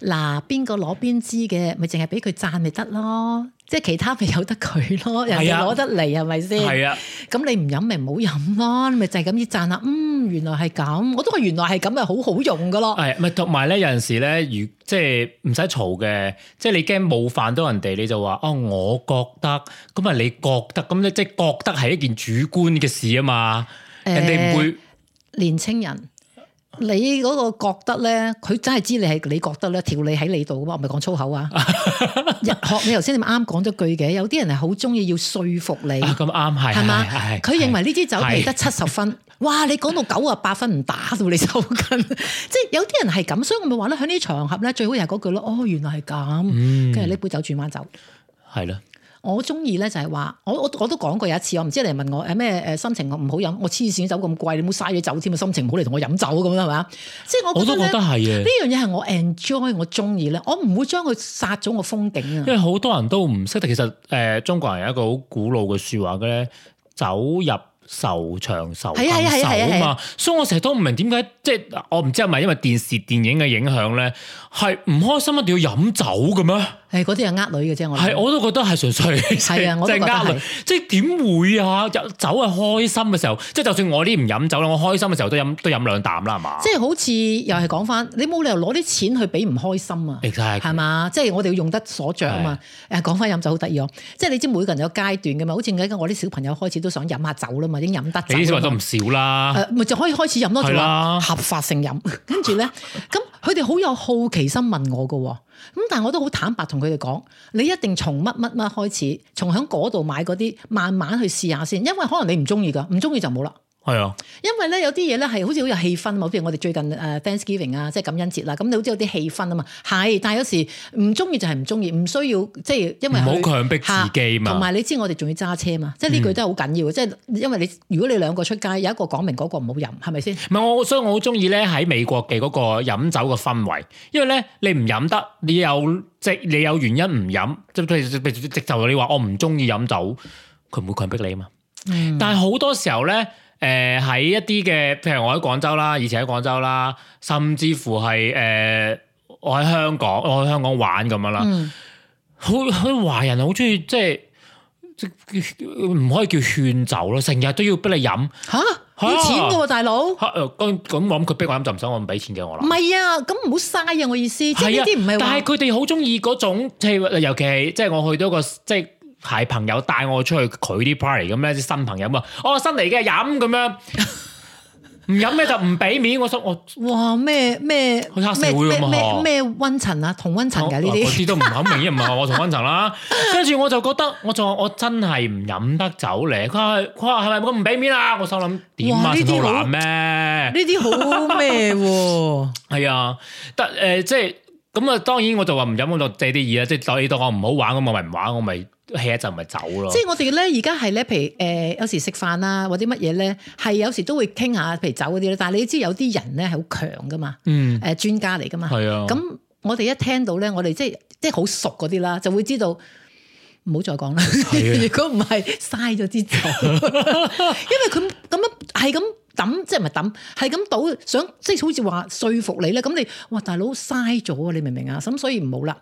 嗱， [LAUGHS] 邊個攞邊支嘅，咪淨係俾佢贊咪得咯。即係其他咪由得佢咯，人哋攞得嚟係咪先？係啊，咁、啊、你唔飲咪唔好飲咯，咪就係咁樣讚下。嗯，原來係咁，我都話原來係咁，係好好用噶咯。係咪同埋咧？有陣時咧，如即係唔使嘈嘅，即係你驚冒犯到人哋，你就話哦，我覺得咁啊，你覺得咁咧，即係覺得係一件主觀嘅事啊嘛。人哋唔會、欸、年輕人。你嗰個覺得咧，佢真係知你係你覺得咧，條理喺你度嘅嘛？我唔係講粗口啊 [LAUGHS] 日！學你頭先，你咪啱講咗句嘅。有啲人係好中意要說服你，咁啱係，係嘛？佢認為呢支酒評得七十分，係係哇！你講到九啊八分唔打到你手緊， [LAUGHS] 即係有啲人係咁，所以我咪話咯，喺呢場合咧，最好係嗰句咯。哦，原來係咁，跟住呢杯酒轉彎走，係啦。我中意咧就係話，我我我都講過有一次，我唔知你問我誒咩誒心情我唔好飲，我黐線酒咁貴，你冇嘥咗酒添啊，心情唔好嚟，同我飲酒咁樣係嘛？即係我我都覺得係嘅，呢樣嘢係我 enjoy 我中意咧，我唔會將佢殺咗我風景啊。因為好多人都唔識得，其實誒、呃、中國人有一個好古老嘅說話嘅咧，酒入愁腸愁更愁啊嘛。啊啊啊啊啊，所以我成日都唔明點解，即係我唔知係咪因為電視電影嘅影響咧，係唔開心一定要飲酒嘅咩？誒嗰啲係呃女嘅啫，我係我都覺得係純粹係啊， [LAUGHS] 我覺得係呃女嘅，即係點會啊？酒係開心嘅時候，即係就算我啲唔飲酒啦，我開心嘅時候都飲都飲兩啖啦，係嘛 Exactly.？即係好似又係講翻，你冇理由攞啲錢去俾唔開心啊！係嘛？即係我哋要用得所著啊嘛！誒的，講翻飲酒好得意哦！即係你知每個人有階段嘅嘛，好似我啲小朋友開始都想飲下酒啦嘛，已經飲得。你啲話都唔少啦。咪、呃、就可以開始飲多咗啦，的合法性飲。跟住咧，咁佢哋好有好奇心問我嘅。 [LAUGHS] [LAUGHS] 咁但係我都好坦白同佢哋講，你一定從乜乜乜開始，從響度買啲，慢慢去試下先，因為可能你唔中意噶，唔中意就冇啦。係啊，因為咧有啲嘢咧係好似好有氣氛，啊。譬如我哋最近誒 Thanksgiving 啊，即係感恩節啦，咁你好似有啲氣氛啊嘛。係，但係有時唔中意就係唔中意，唔需要即係因為唔好強迫自己嘛。同埋你知我哋仲要揸車嘛，即係呢句都係好緊要即係、嗯、因為你如果你兩個出街，有一個講明嗰個唔好飲，係咪先？唔係我，所以我好中意咧喺美國嘅嗰個飲酒嘅氛圍，因為咧你唔飲得，你有即、即係、你有原因唔飲，即係譬如直頭你話我唔中意飲酒，佢唔會強迫你啊嘛。嗯、但係好多時候咧。誒喺、呃、一啲嘅，譬如我喺廣州啦，以前喺廣州啦，甚至乎係誒、呃、我喺香港，我喺香港玩咁樣啦。好好、嗯、華人好中意即係唔可以叫勸酒咯，成日都要俾你飲嚇，要蛤、啊、錢嘅喎、啊，大佬。嚇、啊，咁咁我諗佢逼我飲就唔使我唔俾錢嘅我啦。唔係啊，咁唔好嘥啊，我意思。即係啊，但係佢哋好中意嗰種，即係尤其係即係我去到個即係。係朋友帶我出去佢啲 party 咁咧，啲新朋友嘛，我、哦、新嚟嘅飲咁樣，唔飲咩就唔俾面。我想我哇咩咩，好黑社會咁啊？咩溫層啊？同溫層㗎呢啲，啲我些都唔好明顯唔係我同溫層啦、啊。跟住我就覺得，我就我真係唔飲得酒咧。佢佢話係咪我唔俾面啊？我心諗點啊？呢啲好難咩？呢啲好咩喎？係啊，得誒，即係。咁啊，當然我就話唔飲我就借啲意啦，即係當你當我唔好玩咁，我咪唔玩，我咪 hea 一陣咪走咯。即係我哋咧，而家係咧，譬如誒有時食飯啦，或者乜嘢咧，係有時都會傾下，譬如酒嗰啲咧。但係你知有啲人咧係好強噶嘛，誒、嗯、專家嚟噶嘛。係啊。咁我哋一聽到咧，我哋即係即係好熟嗰啲啦，就會知道唔好再講啦。如果唔係嘥咗支酒， [LAUGHS] 因為佢咁樣係咁。抌即係咪抌？係咁倒想即係好似話說服你咧，咁你哇大佬嘥咗啊！你明唔明啊？咁所以唔好啦。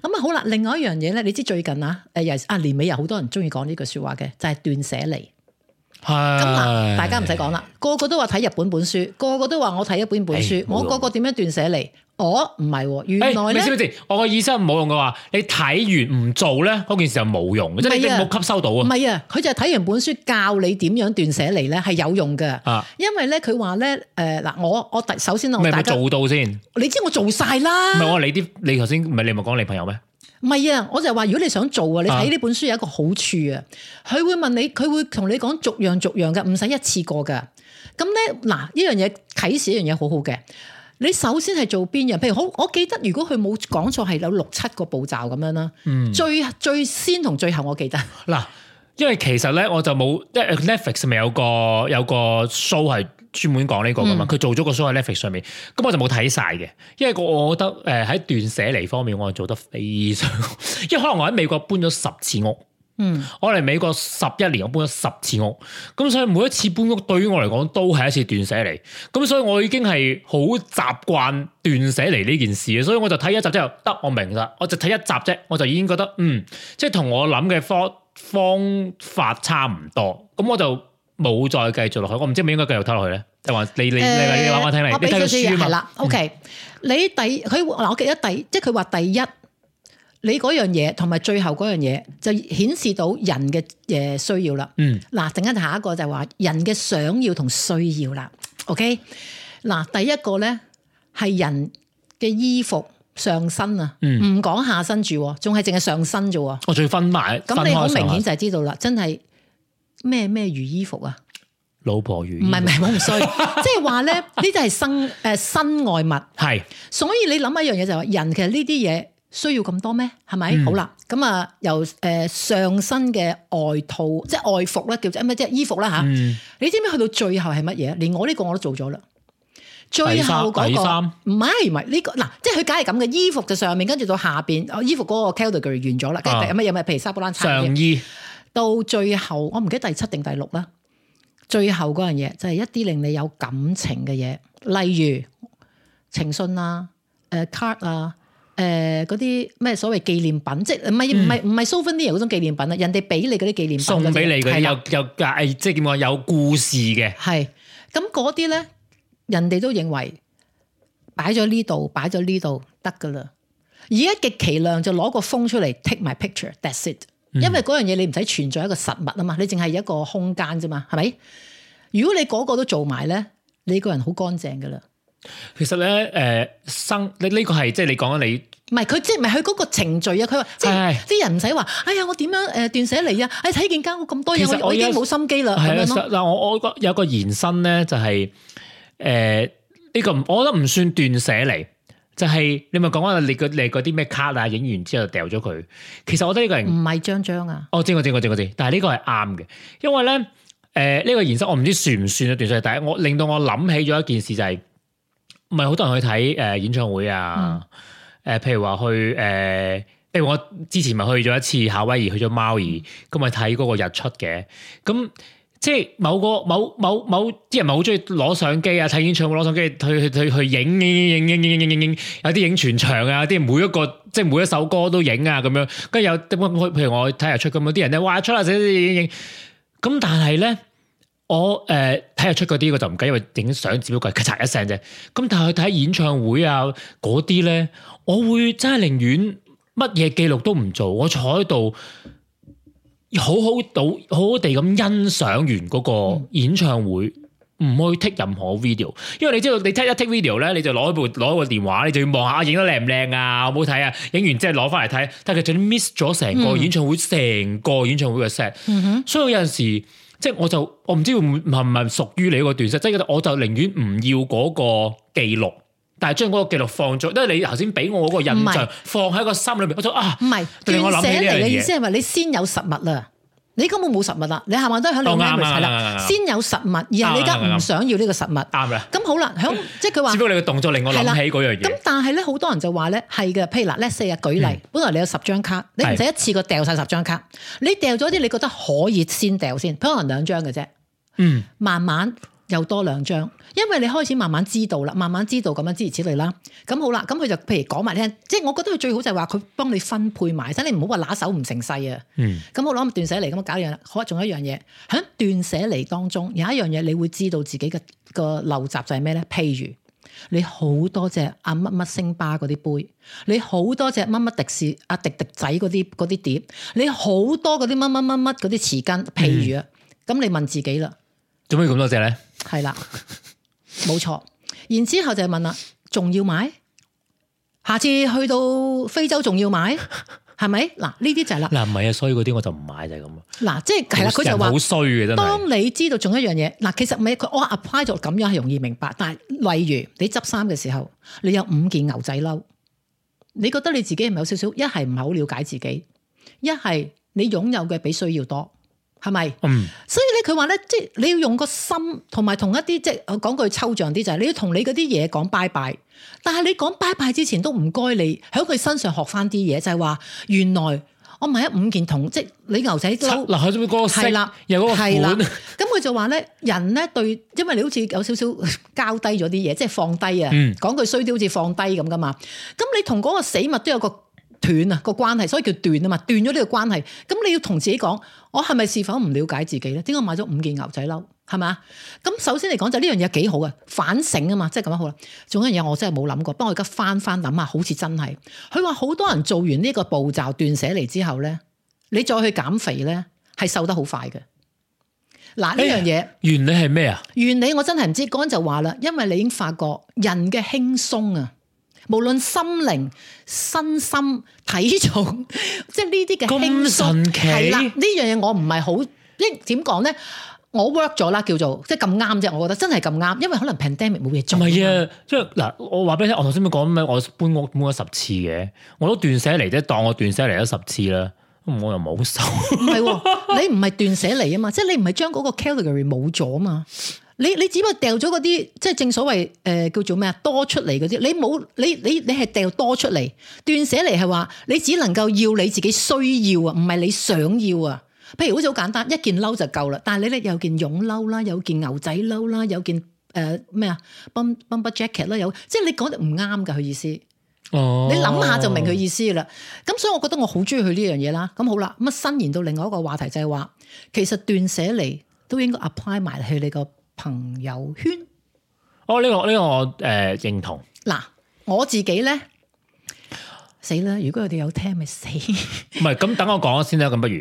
咁啊好啦，另外一樣嘢咧，你知最近啊，誒又啊年尾又好多人中意講呢句說話嘅，就係斷捨離。係咁嗱，大家唔使講啦，個個都話睇日本本書，個個都話我睇一本本書，我、欸、個個點樣斷捨離？哦，唔係、哦，原來你知、欸？我個意思唔好用嘅話，你睇完唔做咧，嗰件事就冇用嘅，啊、即係你並冇吸收到啊。唔係啊，佢就係睇完本書教你點樣斷捨離咧，係有用嘅。啊，因為咧佢話咧，誒嗱、呃，我我首先我大家做到先，你知我做晒啦。唔係我你啲，你頭先唔係你咪講你，你朋友咩？唔係啊，我就係話如果你想做啊，你睇呢本書有一個好處啊，佢會問你，佢會同你講逐樣逐樣嘅，唔使一次過嘅。咁咧嗱，呢樣嘢啟示一樣嘢好好嘅。你首先係做邊樣？譬如好，我記得如果佢冇講錯係有六七個步驟咁樣啦，嗯。最最先同最後，我記得嗱，嗯，因為其實咧我就冇即係 Netflix 上面有個有個 show 係專門講呢個噶嘛，佢，嗯，做咗個 show 喺 Netflix 上面，咁我就冇睇晒嘅。因為我覺得誒喺斷捨離方面，我係做得非常，因為可能我喺美國搬咗十次屋。我嚟美國十一年，我搬咗十次屋，咁所以每一次搬屋對於我嚟講都係一次斷捨離，咁所以我已經係好習慣斷捨離呢件事，所以我就睇一集之後得，我明啦，我就睇一集啫，我就已經覺得嗯，即係同我諗嘅方方法差唔多，咁我就冇再繼續落去。我唔知係咪應該繼續睇落去咧？定話你你你話我聽你。你俾咗書啦、啊，OK，嗯、你第佢我記得第，即係佢話第一。你嗰樣嘢同埋最後嗰樣嘢，就顯示到人嘅嘢需要啦。嗯，嗱，陣間下一個就係話人嘅想要同需要啦。OK，嗱，第一個咧係人嘅衣服上身啊，唔講下身住，仲係淨係上身啫。我仲要分埋，咁你好明顯就係知道啦，真係咩咩如衣服啊，老婆如衣服，唔係唔係，我唔需要，即係話咧呢啲係身誒身外物係，所以你諗一樣嘢就係話人其實呢啲嘢。需要咁多咩？係咪、嗯、好啦？咁啊，由誒上身嘅外套，即係外服啦，叫咩？即係衣服啦吓。啊嗯、你知唔知去到最後係乜嘢？連我呢個我都做咗啦。最後嗰、那個唔係唔係呢個嗱、啊，即係佢梗係咁嘅衣服就上面，跟住到下邊。衣服嗰個 category 完咗啦，跟住有咩有咩？譬如沙布蘭餐餐、啊、上衣，到最後，我唔記得第七定第六啦。最後嗰樣嘢就係、是、一啲令你有感情嘅嘢，例如情信啊、誒、呃、card 啊。誒，嗰啲咩所謂紀念品，即係唔係唔係唔係 Souvenir 嗰種紀念品啊？人哋俾你嗰啲紀念品，念品送俾你嘅又又即係點講有故事嘅。係，咁嗰啲咧，人哋都認為擺咗呢度，擺咗呢度得噶啦。而家極其量就攞個風出嚟，take my picture, that's it。因為嗰樣嘢你唔使存在一個實物啊嘛，你淨係一個空間啫嘛，係咪？如果你嗰個都做埋咧，你個人好乾淨噶啦。其實咧，誒、呃，生、這個、你呢個係即係你講緊你。唔係佢即係唔係佢嗰個程序啊！佢話即係啲是的 人唔使話，哎呀我點樣誒斷捨離啊！哎睇見間屋咁多嘢，我，我已經冇心機啦咁的的樣係啊，嗱我我有個延伸咧、就係，就係誒呢個，我覺得唔算斷捨離，就係你咪講啊，你說說你嗰啲咩卡啊，影完之後掉咗佢。其實我覺得呢個人唔係張張啊。哦，我知我知我知，知，知，知，知，但係呢個係啱嘅，因為咧誒呢個延伸我唔知算唔算啊斷捨離，但係我令到我諗起咗一件事就係、係，唔係好多人去睇誒演唱會啊。嗯誒、呃，譬如話去誒、呃，譬如我之前咪去咗一次夏威夷，去咗 Maui，咁咪睇嗰個日出嘅。咁、嗯、即係某個某某某啲人咪好鍾意攞相機啊，睇演唱會攞相機去去去去影影影影影影影影，有啲影全場啊，啲每一個即係每一首歌都影啊咁樣。跟住有啲譬如我睇日出咁啊，啲人咧、就是、哇出啊，影影影。咁但係咧。我誒睇日出嗰啲我就唔緊要，因為影相只不過咔嚓一聲啫。咁但係去睇演唱會啊嗰啲咧，我會真係寧願乜嘢記錄都唔做，我坐喺度好好到好好地咁欣賞完嗰個演唱會，唔去 take 任何 video。因為你知道你 take 一 take video 咧，你就攞部攞個電話，你就要望下影得靚唔靚啊，好唔好睇啊，影完之後攞翻嚟睇，但係就 miss 咗成個演唱會，成、嗯、個演唱會嘅 set、嗯哼。所以有陣時。即係我就我唔知會唔係唔係屬於你個段式，即係我就寧願唔要嗰個記錄，但係將嗰個記錄放咗，因為你頭先俾我嗰個印象放喺個心裏面，是我就啊，唔係，斷捨離嘅意思係話你先有實物啊？你根本冇實物啦，你係咪都喺你 memory 係啦，先有實物，而係你而家唔想要呢個實物。啱咁好啦，響，即係佢話。只不過你嘅動作令我諗起嗰樣嘢。咁但係咧，好多人就話咧係嘅，譬如嗱，呢四日舉例，本來你有十張卡，你唔使一次過掉晒十張卡，你掉咗啲你覺得可以先掉先，可能兩張嘅啫，嗯，慢慢。又多兩張，因為你開始慢慢知道啦，慢慢知道咁樣，諸如此類啦。咁好啦，咁佢就譬如講埋你聽，即係我覺得佢最好就係話佢幫你分配埋，即係你唔好話拿手唔成勢啊。嗯。咁我攞斷捨離，咁啊搞樣啦。好，仲有一樣嘢喺斷捨離當中，有一樣嘢你會知道自己嘅個陋習就係咩咧？譬如你好多隻阿乜乜星巴嗰啲杯，你好多隻乜乜迪士阿迪迪仔嗰啲嗰啲碟，你好多嗰啲乜乜乜乜嗰啲匙羹。譬如啊，咁、嗯、你問自己啦，做咩要咁多隻咧？係啦，冇錯。然之後就係問啦，仲要買？下次去到非洲仲要買？係咪？ [LAUGHS] 嗱，呢啲就係啦。嗱，唔係啊，所以嗰啲我就唔買就係、是、咁啊。嗱，即係啦，佢就話好衰嘅。當你知道仲一樣嘢，嗱、啊，其實咪佢我 apply 咗咁樣，係容易明白。但係例如你執衫嘅時候，你有五件牛仔褸，你覺得你自己係咪有少少？一係唔係好了解自己，一係你擁有嘅比需要多。係咪？是是嗯、所以咧，佢話咧，即係你要用個心，同埋同一啲即係講句抽象啲就係、是，你要同你嗰啲嘢講拜拜。但係你講拜拜之前，都唔該你喺佢身上學翻啲嘢，就係、是、話原來我買咗五件同即係你牛仔都嗱，佢中唔中嗰個色？係啦，有嗰個款。咁佢就話咧，人咧對，因為你好似有少少 [LAUGHS] 交低咗啲嘢，即、就、係、是、放低啊。講、嗯、句衰啲，好似放低咁噶嘛。咁你同嗰個死物都有個。斷啊、那個關係，所以叫斷啊嘛，斷咗呢個關係。咁你要同自己講，我係咪是否唔了解自己咧？點解買咗五件牛仔褸？係嘛？咁首先嚟講就呢樣嘢幾好啊，反省啊嘛，即係咁樣好啦。仲有一樣嘢我真係冇諗過，不過而家翻翻諗下，好似真係。佢話好多人做完呢個步驟斷捨離之後咧，你再去減肥咧，係瘦得好快嘅。嗱、欸、呢樣嘢原理係咩啊？原理我真係唔知，嗰陣就話啦，因為你已經發覺人嘅輕鬆啊。無論心靈、身心、體重，即係呢啲嘅輕鬆，咁神奇？係啦。呢樣嘢我唔係好，即係點講咧？我 work 咗啦，叫做即係咁啱啫。我覺得真係咁啱，因為可能 pandemic 冇嘢做。唔係啊，即係嗱，我話俾你聽，我頭先咪講咩？我搬屋搬咗十次嘅，我都斷捨離，啫。係當我斷捨離咗十次啦。咁我又冇瘦。唔係喎，你唔係斷捨離啊嘛，即係你唔係將嗰個 category 冇咗啊嘛。你你只不過掉咗嗰啲，即係正所謂誒、呃、叫做咩啊，多出嚟嗰啲。你冇你你你係掉多出嚟。斷捨離係話，你只能夠要你自己需要啊，唔係你想要啊。譬如好似好簡單，一件褸就夠啦。但係你咧有件羽絨褸啦，有件牛仔褸啦，有件誒咩、呃、啊，bomber jacket 啦，有即係你講得唔啱㗎，佢意思。哦，你諗下就明佢意思啦。咁所以我覺得我好中意佢呢樣嘢啦。咁好啦，咁啊伸延到另外一個話題就係、是、話，其實斷捨離都應該 apply 埋去你個。朋友圈，哦呢、這個呢、這個我誒、呃、認同。嗱我自己咧死啦！如果佢哋有聽咪死。唔係咁等我講先啦，咁不如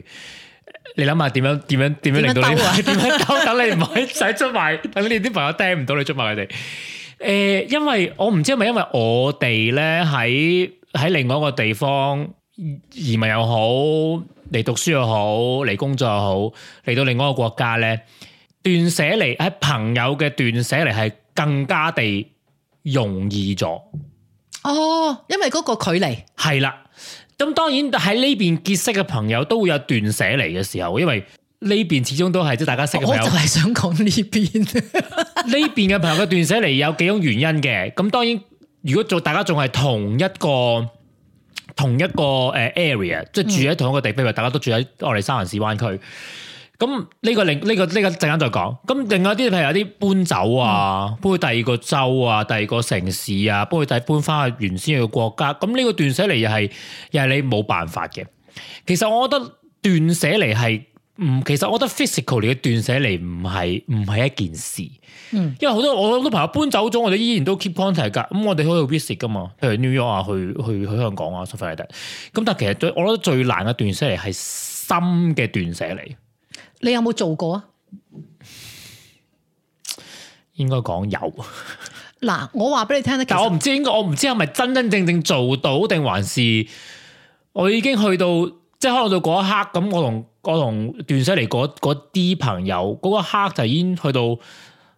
你諗下點樣點樣點樣點樣令到你點樣兜、啊？等 [LAUGHS] 你唔使出賣，等你啲朋友聽唔到你出賣佢哋。誒、呃，因為我唔知係咪因為我哋咧喺喺另外一個地方移民又好，嚟讀書又好，嚟工作又好，嚟到另外一個國家咧。斷捨離喺朋友嘅斷捨離係更加地容易咗。哦，因為嗰個距離係啦。咁當然喺呢邊結識嘅朋友都會有斷捨離嘅時候，因為呢邊始終都係即係大家識嘅朋友。我就係想講呢邊呢邊嘅朋友嘅斷捨離有幾種原因嘅。咁當然，如果做大家仲係同一個同一個誒 area，即係住喺同一個地方，嗯、大家都住喺我哋三藩市灣區。咁呢、呢個另呢、呢個呢個陣間再講。咁另外啲譬如有啲搬走啊，搬、嗯、去第二個州啊、第二個城市啊，搬去第搬翻去原先嘅國家。咁呢個斷捨離又係又係你冇辦法嘅。其實我覺得斷捨離係唔，其實我覺得 physical 嚟嘅斷捨離唔係唔係一件事。嗯，因為好多我好多朋友搬走咗，我哋依然都 keep contact 㗎、嗯。咁我哋可以 visit 㗎嘛？譬如 New York 啊，去去去香港啊，蘇富比特。咁但係其實最我覺得最難嘅斷捨離係深嘅斷捨離。你有冇做過啊？應該講有。嗱，我話俾你聽咧，但我唔知應該，我唔知係咪真真正正做到，定還是我已經去到，即係可能到嗰一刻，咁我同我同斷捨離嗰啲朋友，嗰刻就已經去到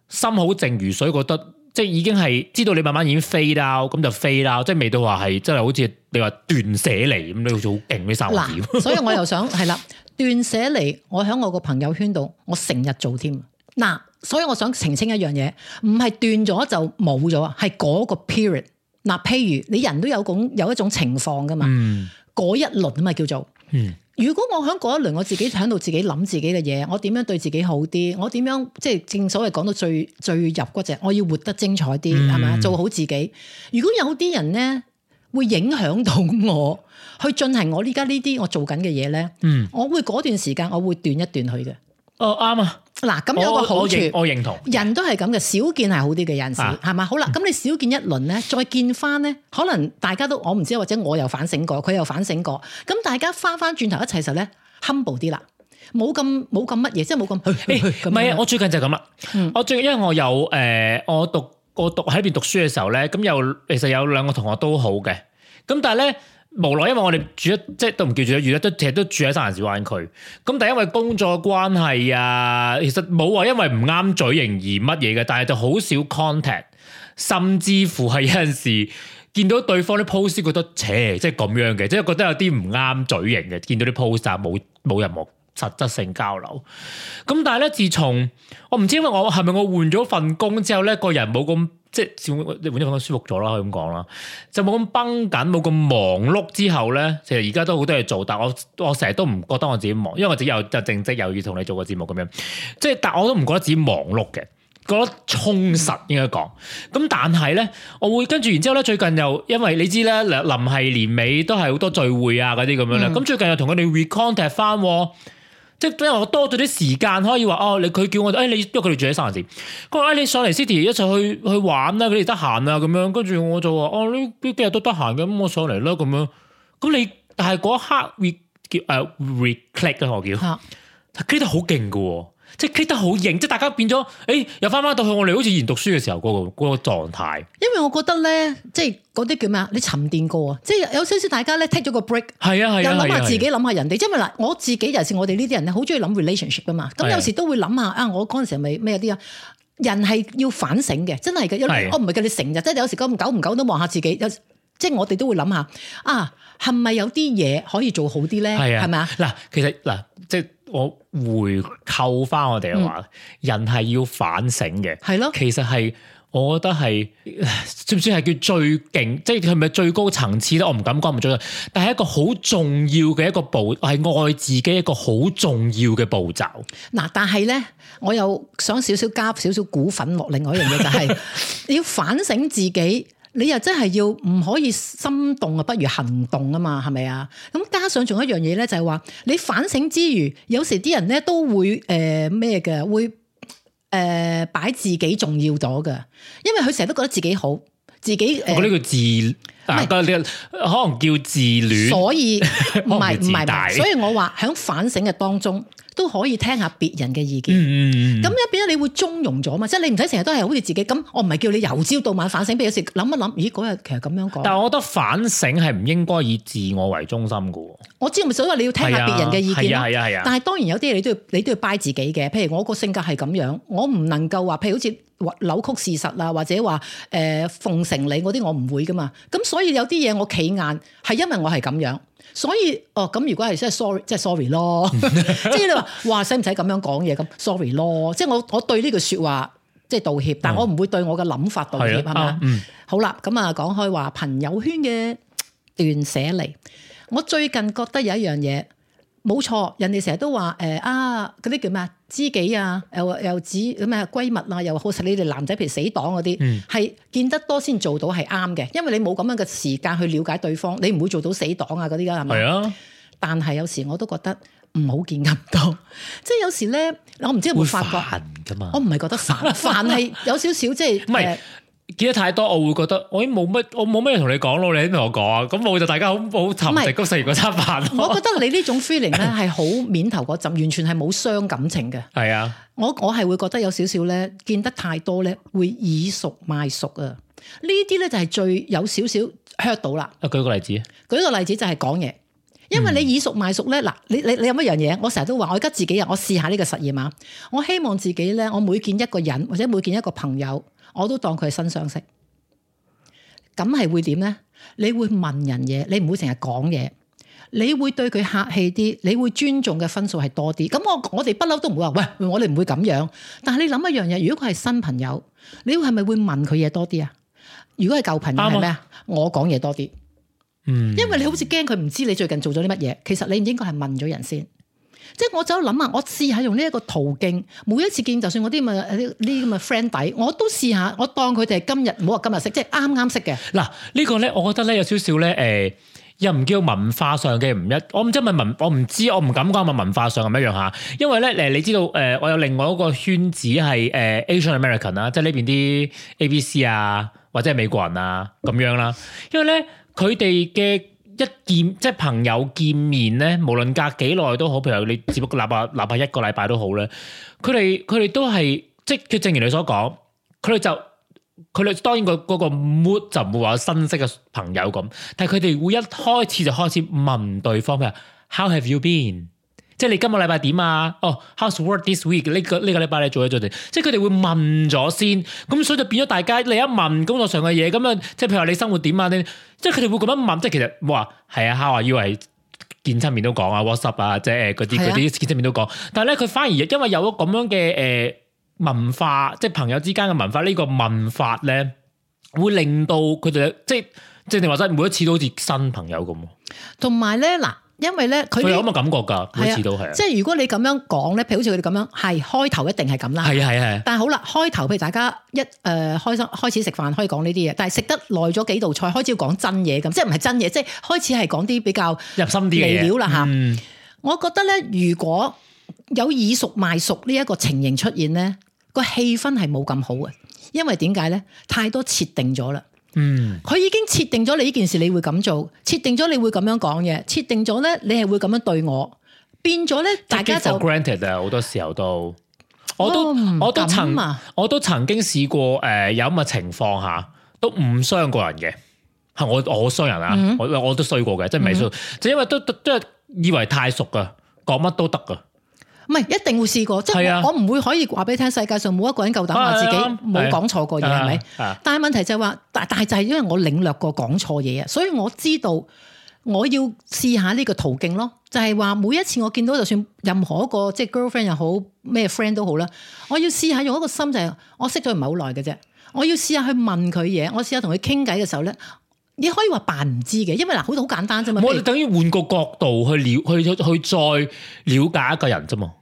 心好靜如水，覺得即係已經係知道你慢慢已經飛啦，咁就飛啦，即係未到話係真係好似你話斷捨離咁，你好似好勁啲三個點。嗱喇，喇所以我又想係啦。 [LAUGHS] 斷捨離，我喺我個朋友圈度，我成日做添。嗱、啊，所以我想澄清一樣嘢，唔係斷咗就冇咗啊，係嗰個 period。嗱，譬如你人都有種有一種情況噶嘛，嗰、嗯、一輪啊嘛叫做。如果我喺嗰一輪，我自己喺度自己諗自己嘅嘢，我點樣對自己好啲？我點樣即係正所謂講到最最入骨嘅，我要活得精彩啲，係咪、嗯？做好自己。如果有啲人呢，會影響到我去進行我呢家呢啲我做緊嘅嘢咧，嗯，我會嗰段時間我會斷一斷佢嘅，哦啱啊，嗱咁有個好處，我認同，人都係咁嘅，少見係好啲嘅，有陣時係嘛，好啦，咁你少見一輪咧，再見翻咧，可能大家都我唔知，或者我又反省過，佢又反省過，咁大家翻翻轉頭一齊嘅時候咧，humble 啲啦，冇咁冇咁乜嘢，即係冇咁，唔係啊，我最近就咁啦，我最近因為我有誒，我讀。我讀喺邊讀書嘅時候咧，咁有其實有兩個同學都好嘅，咁但係咧無奈因為我哋住咗，即係都唔叫住咗，月啦，都其實都住喺三藩市灣區，咁但係因為工作關係啊，其實冇話因為唔啱嘴型而乜嘢嘅，但係就好少 contact，甚至乎係有陣時見到對方啲 post 覺得，扯，即係咁樣嘅，即係覺得有啲唔啱嘴型嘅，見到啲 post 冇冇入目。實質性交流，咁但係咧，自從我唔知，因為我係咪我換咗份工之後咧，個人冇咁即係換咗份工舒服咗啦，可以咁講啦，就冇咁繃緊，冇咁忙碌之後咧，其實而家都好多嘢做，但我我成日都唔覺得我自己忙，因為我自己又又正職又要同你做個節目咁樣，即係但我都唔覺得自己忙碌嘅，覺得充實應該講。咁但係咧，我會跟住，然之後咧，最近又因為你知咧，林係年尾都係好多聚會啊嗰啲咁樣啦，咁、嗯、最近又同佢哋 recontact 翻。即係因為我多咗啲時間可以話哦，、哎哎、哦，你佢叫、嗯、我誒，你因為佢哋住喺沙田，佢話誒你上嚟 city 一齊去去玩啦，佢哋得閒啦咁樣，跟住我就話哦呢呢幾日都得閒嘅，咁我上嚟啦咁樣。咁你但係嗰一刻 we 叫誒 recall 啊我叫，記得好勁㗎喎。即係 keep 得好型，即係大家變咗，誒、欸、又翻翻到去我哋好似而讀書嘅時候嗰、那個嗰、那個狀態。因為我覺得咧，即係嗰啲叫咩啊？你沉澱過 break, 啊！即係有少少大家咧，聽咗個 break，係啊係啊，又諗下自己諗下人哋。啊啊、因係嗱，我自己又似我哋呢啲人咧，好中意諗 relationship 噶嘛。咁有時都會諗下啊，啊，我嗰陣時咪咩啲啊？人係要反省嘅，真係嘅，因、啊、我唔係叫你成日，即係有時咁久唔久都望下自己。有即係我哋都會諗下啊，係咪有啲嘢可以做好啲咧？係嘛吧？嗱、啊，其實嗱，即係。我回扣翻我哋話，嗯、人係要反省嘅，係咯的。其實係，我覺得係，算唔算係叫最勁？即係係咪最高層次咧？我唔敢講唔準。但係一個好重要嘅一個步，係愛自己一個好重要嘅步驟。嗱，但係咧，我又想少少加少少股份落。另外一樣嘢 [LAUGHS] 就係，你要反省自己。你又真係要唔可以心動啊，不如行動啊嘛，係咪啊？咁加上仲有一樣嘢咧，就係話你反省之餘，有時啲人咧都會誒咩嘅，會誒、呃、擺自己重要咗嘅，因為佢成日都覺得自己好，自己。呃、我覺得呢個自。但你可能叫自戀。所以唔係唔係所以我話喺反省嘅當中都可以聽下別人嘅意見。咁、嗯、一變咗，你會中庸咗嘛？即、就、係、是、你唔使成日都係好似自己咁。我唔係叫你由朝到晚反省，不如有時諗一諗，咦嗰日其實咁樣講。但係我覺得反省係唔應該以自我為中心嘅喎。我知道，所以你要聽下別人嘅意見咯。啊係啊，啊，啊但係當然有啲嘢你都要你都要拜自己嘅。譬如我個性格係咁樣，我唔能夠話譬如好似扭曲事實啊，或者話誒、呃、奉承你嗰啲，我唔會嘅嘛。咁。所以有啲嘢我企硬，係因為我係咁樣，所以哦，咁如果係即係 sorry，即係 sorry 咯，即係你話哇，使唔使咁樣講嘢咁？sorry 咯，即係我我對呢句說話即係道歉，但係我唔會對我嘅諗法道歉係嘛，好啦，咁啊講開話朋友圈嘅斷捨離。我最近覺得有一樣嘢。冇錯，人哋成日都話誒、哎、啊，嗰啲叫咩啊？知己啊，又又指咩啊，閨蜜啊，又好實。你哋男仔譬如死黨嗰啲，係、嗯、見得多先做到係啱嘅，因為你冇咁樣嘅時間去了解對方，你唔會做到死黨啊嗰啲啦，係咪？係啊。但係有時我都覺得唔好見咁多，即係有時咧，我唔知有冇發覺，嘛我唔係覺得煩，煩係有少少即係。 [LAUGHS] 見得太多，我會覺得我依冇乜，我冇乜嘢同你講咯，你先同我講啊。咁我就大家好，冇頭直足食完嗰餐飯。我覺得你呢種 feeling 咧係好面頭嗰陣，完全係冇傷感情嘅。係啊，我我係會覺得有少少咧，見得太多咧，會以熟賣熟啊。呢啲咧就係最有少少 hurt 到啦。啊，舉個例子，舉一個例子就係講嘢，因為你以熟賣熟咧，嗱，你你你有乜樣嘢？我成日都話，我而家自己啊，我試下呢個實驗嘛。我希望自己咧，我每見一個人或者每見一個朋友。我都當佢係新相識，咁係會點咧？你會問人嘢，你唔會成日講嘢，你會對佢客氣啲，你會尊重嘅分數係多啲。咁我我哋不嬲都唔會話喂，我哋唔會咁樣。但係你諗一樣嘢，如果佢係新朋友，你會係咪會問佢嘢多啲啊？如果係舊朋友係咩啊？嗯、我講嘢多啲，嗯，因為你好似驚佢唔知你最近做咗啲乜嘢。其實你唔應該係問咗人先。即係我就諗啊，我試下用呢一個途徑，每一次見，就算我啲咪呢啲咁嘅 friend 底，我都試下，我當佢哋係今日，唔好話今日識，即係啱啱識嘅。嗱、這個、呢個咧，我覺得咧有少少咧誒，又唔叫文化上嘅唔一，我唔知係咪文，我唔知，我唔敢講係咪文化上咁一樣嚇。因為咧誒，你知道誒、呃，我有另外一個圈子係誒、呃、Asian American 啦、啊，即係呢邊啲 ABC 啊或者係美國人啊咁樣啦，因為咧佢哋嘅。一見即係朋友見面咧，無論隔幾耐都好，譬如你只不過立下禮拜一個禮拜都好咧，佢哋佢哋都係即，正如你所講，佢哋就佢哋當然個 mood 就唔會話新識嘅朋友咁，但係佢哋會一開始就開始問對方譬話，How have you been？即係你今個禮拜點啊？哦，oh，housework this week 呢個呢個禮拜你做咗做定？即係佢哋會問咗先，咁所以就變咗大家你一問工作上嘅嘢，咁啊，即係譬如話你生活點啊？你即係佢哋會咁樣問，即係其實哇，係啊，how are you？為見親面都講啊，WhatsApp 啊，即係嗰啲嗰啲見親面都講，但係咧佢反而因為有咗咁樣嘅誒文化，即係朋友之間嘅文化，呢個，文化呢個問法咧，會令到佢哋即係即係你話齋每一次都好似新朋友咁。同埋咧嗱。因為咧，佢有咁嘅感覺噶，的每次都係。即係如果你咁樣講咧，譬如好似佢哋咁樣，係開頭一定係咁啦。係啊的，係啊，係。但係好啦，開頭譬如大家一誒開心開始食飯，可以講呢啲嘢。但係食得耐咗幾道菜，開始要講真嘢咁，即係唔係真嘢，即係開始係講啲比較入心啲嘅料啦嚇。我覺得咧，如果有以熟賣熟呢一個情形出現咧，個氣氛係冇咁好嘅，因為點解咧？太多設定咗啦。嗯，佢已經設定咗你呢件事你會咁做，設定咗你會咁樣講嘢，設定咗咧你係會咁樣對我，變咗咧大家就 taken for granted 啊，好多時候都，我都、嗯、我都曾、啊、我都曾經試過誒、呃，有咁嘅情況下都唔傷過人嘅，係我我傷人啊，嗯、哼我我都衰過嘅，即係未衰，就、嗯、哼因為都都即係以為太熟噶，講乜都得噶。唔係，一定會試過，啊、即係我唔會可以話俾你聽，世界上冇一個人夠膽話自己冇講錯過嘢，係咪、啊？啊啊、吧但係問題就係話，但係就係因為我領略過講錯嘢啊，所以我知道我要試下呢個途徑咯。就係、是、話每一次我見到，就算任何一個即係 girlfriend 又好，咩 friend 都好啦，我要試下用一個心，就係我識咗佢唔係好耐嘅啫，我要試下去問佢嘢，我試下同佢傾偈嘅時候咧。你可以話扮唔知嘅，因為嗱，好似好簡單啫嘛。我哋等於換個角度去了，去了去再了，了，了解一個人啫嘛。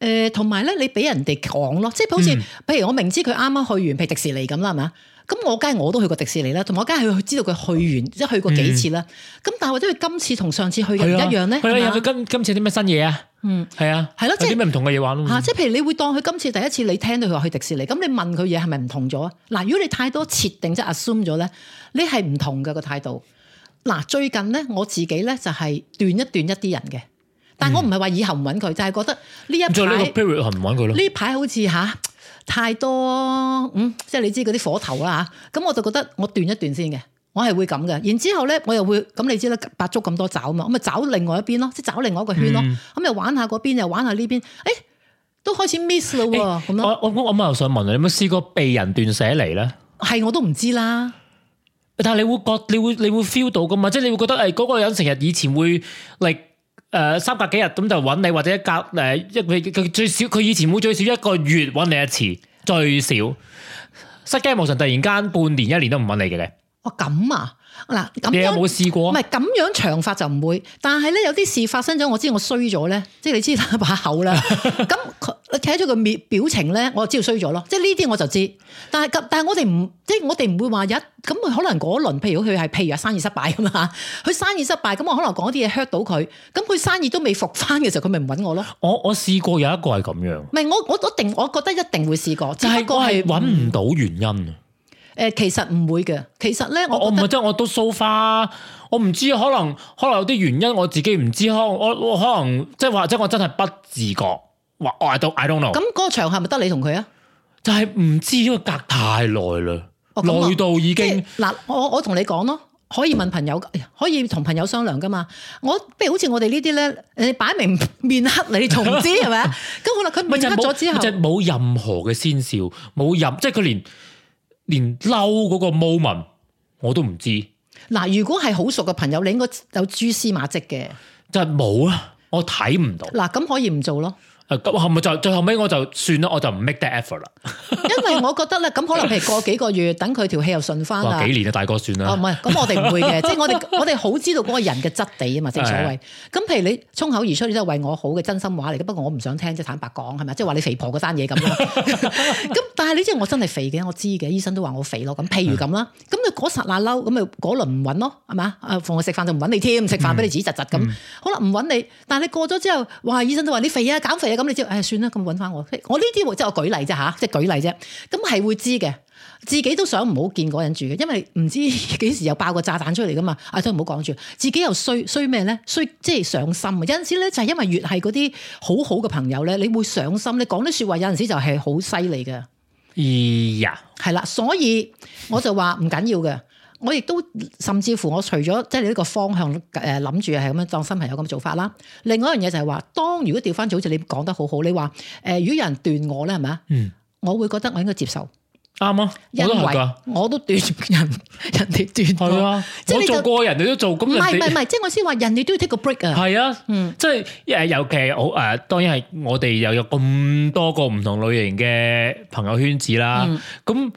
誒、呃，同埋咧，你俾人哋講咯，即係好似，嗯、譬如我明知佢啱啱去完，譬如迪士尼咁啦，係嘛。咁我梗係我都去過迪士尼啦，同我梗係去知道佢去完即係去過幾次啦。咁、嗯、但係或者佢今次同上次去唔一樣咧？係啊，今今次啲咩新嘢啊？嗯，係啊，係咯，即係啲咩唔同嘅嘢玩咯。吓，即係譬如你會當佢今次第一次你聽到佢話去迪士尼，咁你問佢嘢係咪唔同咗？嗱，如果你太多設定即係、就是、assume 咗咧，你係唔同嘅、嗰個態度。嗱，最近咧我自己咧就係、是、斷一斷一啲人嘅，但係我唔係話以後唔搵佢，嗯、就係覺得呢一排唔搵佢咯。呢排好似吓。啊太多嗯，即係你知嗰啲火頭啦吓，咁、啊、我就覺得我斷一段先嘅，我係會咁嘅。然之後咧，我又會咁，你知啦，百足咁多爪嘛，我咪走另外一邊咯，即係走另外一個圈咯。咁、嗯、又玩下嗰邊，又玩下呢邊，誒、哎，都開始 miss 啦，咁咯、哎樣。我我我又想問你，有冇試過被人斷捨離咧？係我都唔知啦，但係你會覺，你會你會 feel 到噶嘛？即係你會覺得誒，嗰個人成日以前會嚟。誒、呃、三隔幾日咁就揾你，或者一隔誒一佢佢最少佢以前會最少一個月揾你一次，最少失驚無神突然間半年一年都唔揾你嘅咧。哦咁啊，嗱咁樣你有冇試過？唔係咁樣長法就唔會，但係咧有啲事發生咗，我知我衰咗咧，即係你知打把口啦。咁 [LAUGHS] 睇咗個表情咧，我知道衰咗咯。即係呢啲我就知，我就知，但係但係我哋唔即係我哋唔會話一咁佢可能嗰輪，譬如佢係譬如生意失敗咁嘛？佢生意失敗咁，我可能講啲嘢 hurt 到佢，咁佢生意都未復翻嘅時候，佢咪唔揾我咯？我我試過有一個係咁樣，唔係我我一定我覺得一定會試過，只不過係揾唔到原因。誒、嗯，其實唔會嘅，其實咧我我唔係即係我都 so far，我唔知可能可能有啲原因我自己唔知，可能我我可能即係話即係我真係不自覺。話我 I don't know。咁嗰個場係咪得你同佢啊？就係唔知咯，隔太耐啦，耐到已經。嗱，我我同你講咯，可以問朋友，可以同朋友商量噶嘛。我譬如好似我哋呢啲咧，你擺明面黑你，你都唔知係咪啊？咁可能佢面黑咗之後，即係冇任何嘅先兆，冇任即係佢連連嬲嗰個 moment 我都唔知。嗱，如果係好熟嘅朋友，你應該有蛛絲馬跡嘅，就係冇啊，我睇唔到。嗱，咁可以唔做咯。誒，咪就最後尾我就算啦，我就唔 make that effort 啦。因為我覺得咧，咁可能譬如過幾個月，等佢條氣又順翻啦。幾年啊大哥算啦。哦，唔係，咁我哋唔會嘅，即係我哋我哋好知道嗰個人嘅質地啊嘛，正所謂。咁譬如你衝口而出，你都係為我好嘅真心話嚟嘅。不過我唔想聽，即係坦白講，係咪？即係話你肥婆嗰單嘢咁。咁但係你即係我真係肥嘅，我知嘅，醫生都話我肥咯。咁譬如咁啦，咁你嗰時鬧嬲，咁咪嗰輪唔搵咯，係嘛？啊，逢我食飯就唔搵你添，食飯俾你屎窒窒咁。好啦，唔搵你，但係你過咗之後，哇，醫生都話你肥啊，減肥。咁、嗯、你知，唉、哎，算啦，咁搵翻我。我呢啲即係我舉例啫，吓、啊，即係舉例啫。咁係會知嘅，自己都想唔好見嗰人住嘅，因為唔知幾時又爆個炸彈出嚟噶嘛。啊，都唔好講住，自己又衰衰咩咧？衰即係上心。有陣時咧，就係、是、因為越係嗰啲好好嘅朋友咧，你會上心。你講啲說話有，有陣時就係好犀利嘅。咦呀，係啦，所以我就話唔緊要嘅。我亦都甚至乎，我除咗即係你呢個方向，誒諗住係咁樣當新朋友咁做法啦。另外一樣嘢就係話，當如果調翻轉，好似你講得好好，你話誒，如果有人斷我咧，係咪啊？嗯，我會覺得我應該接受，啱啊，我都係噶，我都斷人，人哋斷我，我做過人哋都做，咁唔係唔係唔係，即係我先話人哋都要 take 個 break 噶，係啊，嗯，即係誒，尤其好誒，當然係我哋又有咁多個唔同類型嘅朋友圈子啦，咁。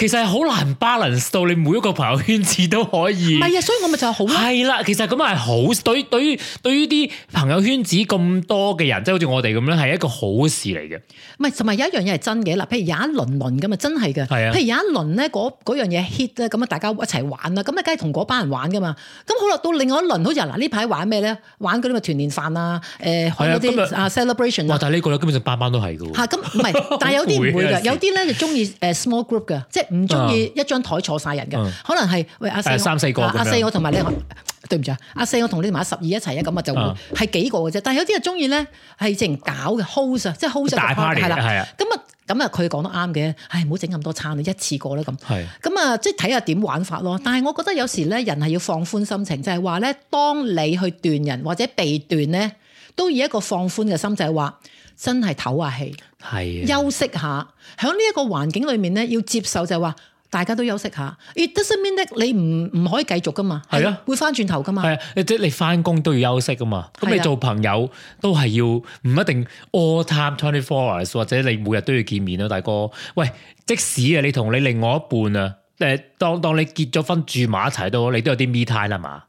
其實係好難 balance 到你每一個朋友圈子都可以。唔係啊，所以我咪就係好。係啦，其實咁啊係好對，對於對於啲朋友圈子咁多嘅人，即係好似我哋咁咧，係一個好事嚟嘅。唔係，同埋有一樣嘢係真嘅啦，譬如有一輪輪嘅嘛，真係嘅。係啊的。譬如有一輪咧，嗰樣嘢 hit 咧，咁啊大家一齊玩啦，咁咧梗係同嗰班人玩嘅嘛。咁好啦，到另外一輪好似嗱呢排玩咩咧？玩嗰啲咪團年飯啊，誒嗰啲啊 celebration 但班班、嗯。但係呢個咧根本上班班都係嘅喎。咁唔係，但係有啲唔會嘅，有啲咧就中意誒 small group 嘅，即係。唔中意一張台坐晒人嘅，嗯、可能係喂阿四，阿、啊、阿四我同埋、啊啊、你，嗯、對唔住啊，阿四我同你同埋阿十二一齊啊，咁啊就係、嗯、幾個嘅啫，但係有啲人中意咧係成搞嘅 host 啊，即係 host 大 party 啦，係啦了，咁啊咁啊佢講得啱嘅，唉唔好整咁多餐，你一次過啦。咁，咁啊的、嗯嗯、即係睇下點玩法咯。但係我覺得有時咧人係要放寬心情，就係話咧，當你去斷人或者被斷咧，都以一個放寬嘅心就係話。真係唞下氣，休息，的休息下，喺呢一個環境裏面咧，要接受就係話，大家都休息下。It doesn't mean that 你唔唔可以繼續噶嘛，係咯的，會翻轉頭噶嘛，係，即係你翻工都要休息噶嘛。咁的你做朋友都係要唔一定 all time twenty four hours，或者你每日都要見面啊，大哥。喂，即使啊，你同你另外一半啊，誒，當當你結咗婚住埋一齊都，好，你都有啲 me time 啦嘛。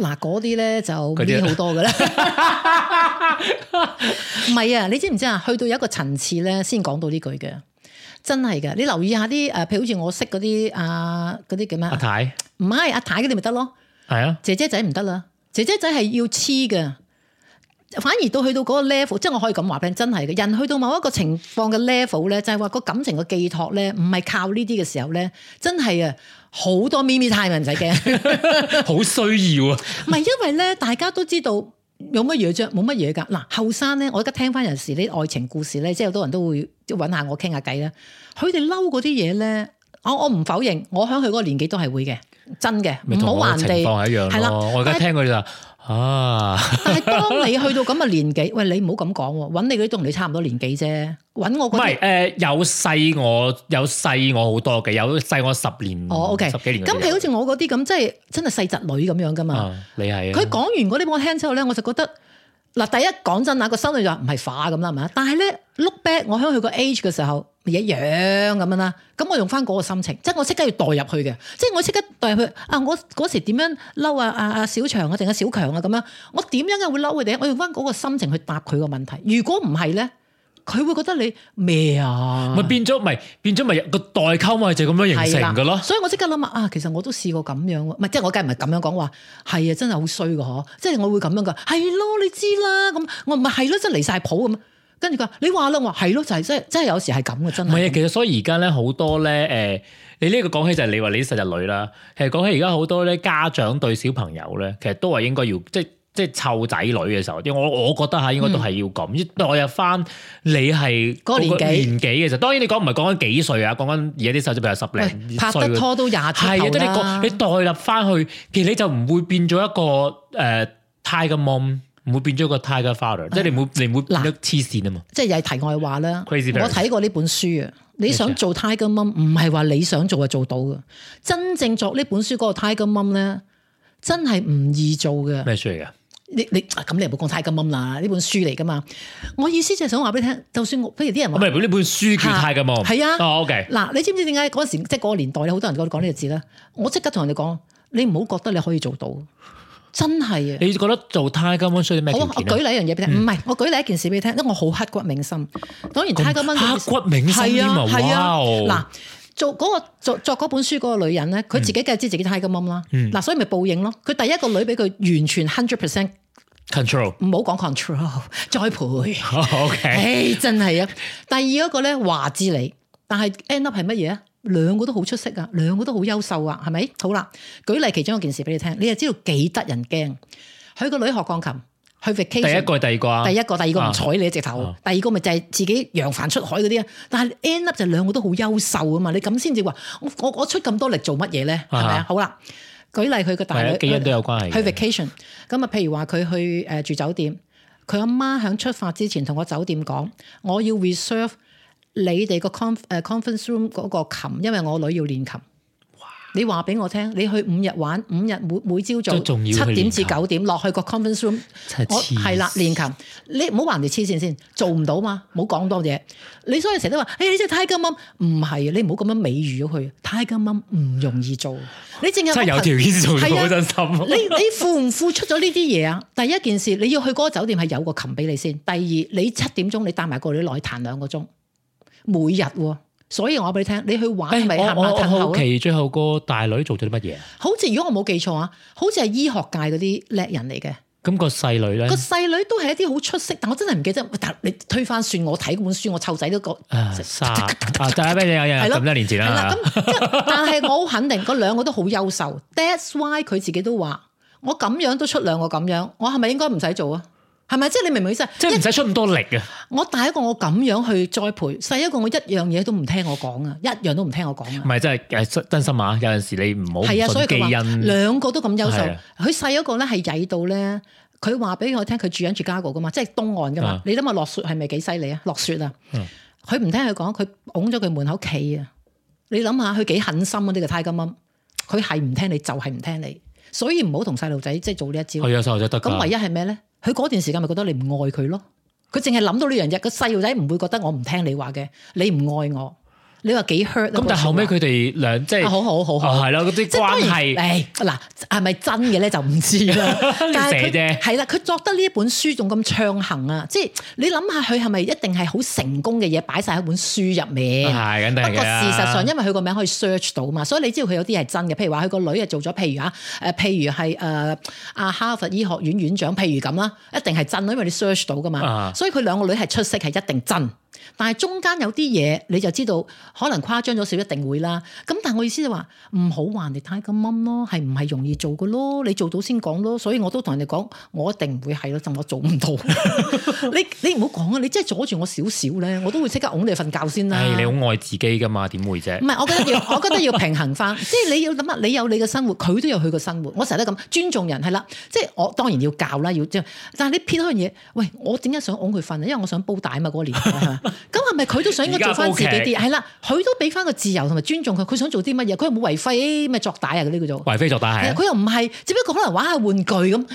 嗱，嗰啲咧就唔好多嘅啦，唔係啊！你知唔知啊？去到有一個層次咧，先講到呢句嘅，真係嘅。你留意一下啲誒，譬如好似我識嗰啲啊，嗰啲叫咩？阿太？唔係阿太嗰啲咪得咯，係啊！姐姐仔唔得啦，姐姐仔係要黐嘅。反而到去到嗰個 level，即係我可以咁話嘅，真係嘅。人去到某一個情況嘅 level 咧，就係話個感情嘅寄託咧，唔係靠呢啲嘅時候咧，真係啊！好多咪咪太咪唔使驚，好需要啊！唔係因為咧，大家都知道有乜嘢啫，冇乜嘢噶。嗱，後生咧，我而家聽翻人哋啲愛情故事咧，即係好多人都會即係搵下我傾下偈啦。佢哋嬲嗰啲嘢咧，我我唔否認，我喺佢嗰個年紀都係會嘅，真嘅，唔好還地係啦。了但 我而家聽佢就。啊！但係當你去到咁嘅年紀， [LAUGHS] 喂，你唔好咁講，揾你嗰啲同你差唔多年紀啫，揾我唔係誒，有細我，有細我好多嘅，有細我十年，哦，OK，十幾年。咁譬如好似我嗰啲咁，即係真係細侄女咁樣噶嘛？嗯、你係佢講完嗰啲畀我聽之後咧，我就覺得嗱，第一講真啦，個心裏就唔係化咁啦係咪？但係咧 look back，我喺佢個 age 嘅時候。一樣咁樣啦，咁我用翻嗰個心情，即係我即刻要代入去嘅，即係我即刻代入去啊我嗰時點樣嬲啊？啊啊小強啊，定阿小強啊咁樣，我點樣嘅會嬲佢哋？我用翻嗰個心情去答佢個問題。如果唔係咧，佢會覺得你咩啊？咪變咗咪變咗咪個代溝咪就咁樣形成㗎咯。所以我即刻諗啊，其實我都試過咁樣，唔係即係我梗係唔係咁樣講話，係啊，真係好衰㗎嗬！即係我會咁樣噶，係咯，你知啦咁，我咪係咯，即係離晒譜咁跟住佢話，你話啦，我話係咯，就係即係即係有時係咁嘅，真係。唔係啊，其實所以而家咧好多咧誒、呃，你呢個講起就係你話你實日女啦。其實講起而家好多咧，家長對小朋友咧，其實都係應該要即係即係湊仔女嘅時候。我我覺得吓應該都係要咁、嗯、代入返你係嗰個年紀嘅時候。當然你講唔係講緊幾歲啊，講緊而家啲細子比較十零拍得拖都廿七頭啦。係，你代入返去，其實你就唔會變咗一個誒、呃、太嘅 m 唔會變咗個 Tiger Father，唉即係你唔會，你唔會變得黐線啊嘛！即係又係題外話啦。Crazy 我睇過呢本書啊，你想做 Tiger Mom，唔係話你想做就做到嘅。真正作呢本書嗰個 Tiger Mom 咧，真係唔易做嘅。咩書嚟噶？你、啊、你咁你唔好講 Tiger Mom 啦，呢本書嚟噶嘛。我意思就係想話俾你聽，就算我，譬如啲人話唔係呢本書叫 Tiger Mom，係啊。嗱、啊哦 okay. 啊，你知唔知點解嗰時即係嗰個年代好多人講講呢個字咧？我即刻同人哋講，你唔好覺得你可以做到。真係啊！你覺得做太監需要咩條件？我我舉例一樣嘢俾你聽，唔係、嗯、我舉例一件事俾你聽，因為我好刻骨銘心。當然太監刻骨銘心啊，係啊、哦，嗱、那個，做嗰個作作嗰本書嗰個女人咧，佢自己梗係知自己太監啦。嗱，所以咪報應咯。佢第一個女俾佢完全 hundred percent 制 control，唔好講 control，栽培。哦、o、okay、K，、欸、真係啊。第二嗰個咧話知你，但係 end up 係乜嘢？兩個都好出色啊，兩個都好優秀啊，係咪？好啦，舉例其中一件事俾你聽，你就知道幾得人驚。佢個女學鋼琴，去 vacation、啊。第一個，第二個啊。第一個，第二個唔睬你只頭，第二個咪就係自己揚帆出海嗰啲啊。但係 end up 就兩個都好優秀啊嘛，你咁先至話我我我出咁多力做乜嘢咧？係咪啊？好啦，舉例佢個大女基因，啊、都有關係。去 vacation，咁啊，譬如話佢去誒住酒店，佢阿媽響出發之前同個酒店講，我要 reserve。你哋個 conf conference room 嗰個琴，因為我女要練琴。哇你話俾我聽，你去五日玩五日每，每每朝早七點至九點落去個 conference room，係啦練琴。你唔好話人哋黐線先，做唔到嘛？唔好講多嘢。你所以成日都話、欸：，你真係 Tiger Mom 唔係啊！你唔好咁樣美譽咗佢。Tiger Mom 唔容易做。你淨係真係有條件做、啊，好真心。你你，你付唔付出咗呢啲嘢啊？ [LAUGHS] 第一件事你要去嗰個酒店係有個琴俾你先。第二，你七點鐘你帶埋個女落去彈兩個鐘。每日喎，所以我話俾你聽，你去玩咪下馬騰猴期。最後個大女做咗啲乜嘢？好似如果我冇記錯啊，好似係醫學界嗰啲叻人嚟嘅。咁個細女咧？個細女都係一啲好出色，但我真係唔記得。但你推翻算，我睇本書，我湊仔都覺誒殺啊！殺 [LAUGHS] [LAUGHS] 但係咩嘢啊？係咯，咁多年前啦。咁但係我好肯定，嗰兩個都好優秀。 [LAUGHS] That's why 佢自己都話：我咁樣都出兩個咁樣，我係咪應該唔使做啊？係咪？即係你明唔明意思？即係唔使出咁多力啊！我大一個我咁樣去栽培，細一個我一樣嘢都唔聽我講啊！一樣都唔聽我講啊！唔係真係真心話！有陣時你唔好信基因，兩個都咁優秀。佢細的一個咧係曳到咧，佢話俾我聽，佢住緊住家個噶嘛，即係東岸噶嘛。的你諗下落雪係咪幾犀利啊？落雪啊！佢唔的聽佢講，佢拱咗佢門口企啊！你諗下佢幾狠心啊。呢個太金恩，佢係唔聽你就係唔聽你。就是所以唔好同細路仔即係做呢一招。係啊，細路仔得。咁唯一係咩咧？佢嗰 [MUSIC] 段時間咪覺得你唔愛佢咯？佢淨係諗到呢樣啫。個細路仔唔會覺得我唔聽你話嘅，你唔愛我。你話幾 hurt 咁？但後尾佢哋兩即係好好好好，係咯？嗰啲、哦、關係，嗱係咪真嘅咧？就唔知啦。但係佢係啦，佢 [LAUGHS] 寫的 作得呢一本書仲咁暢行啊！即、就、係、是、你諗下，佢係咪一定係好成功嘅嘢擺晒喺本書入面？係肯、啊、定嘅。事實上，因為佢個名可以 search 到嘛，所以你知道佢有啲係真嘅。譬如話，佢個女啊做咗，譬如啊誒，譬如係誒阿哈佛醫學院院，院長，譬如咁啦，一定係真，因為你 search 到噶嘛。所以佢兩個女係出色，係一定真。啊但係中間有啲嘢你就知道，可能誇張咗少，一定會啦。咁但係我意思就話唔好話你太咁啱咯，係唔係容易做嘅咯？你做到先講咯。所以我都同人哋講，我一定唔會係咯，但我做唔到 [LAUGHS] 你。你你唔好講啊！你真係阻住我少少咧，我都會即刻拱你瞓覺先啦。哎、你好愛自己㗎嘛？點會啫？唔係，我覺得要，我覺得要平衡翻，即係 [LAUGHS] 你要諗下，你有你嘅生活，佢都有佢嘅生活。我成日都咁尊重人，係啦，即係我當然要教啦，要即但係你撇開樣嘢，喂，我點解想拱佢瞓？因為我想煲大啊嘛，嗰個年代。 [LAUGHS] 咁係咪佢都想應該做翻自己啲？係啦，佢都俾翻個自由同埋尊重佢。佢想做啲乜嘢？佢又冇為非，咩作歹啊！嗰啲叫做為非作歹係。佢又唔係，只不過可能玩下玩，玩具咁。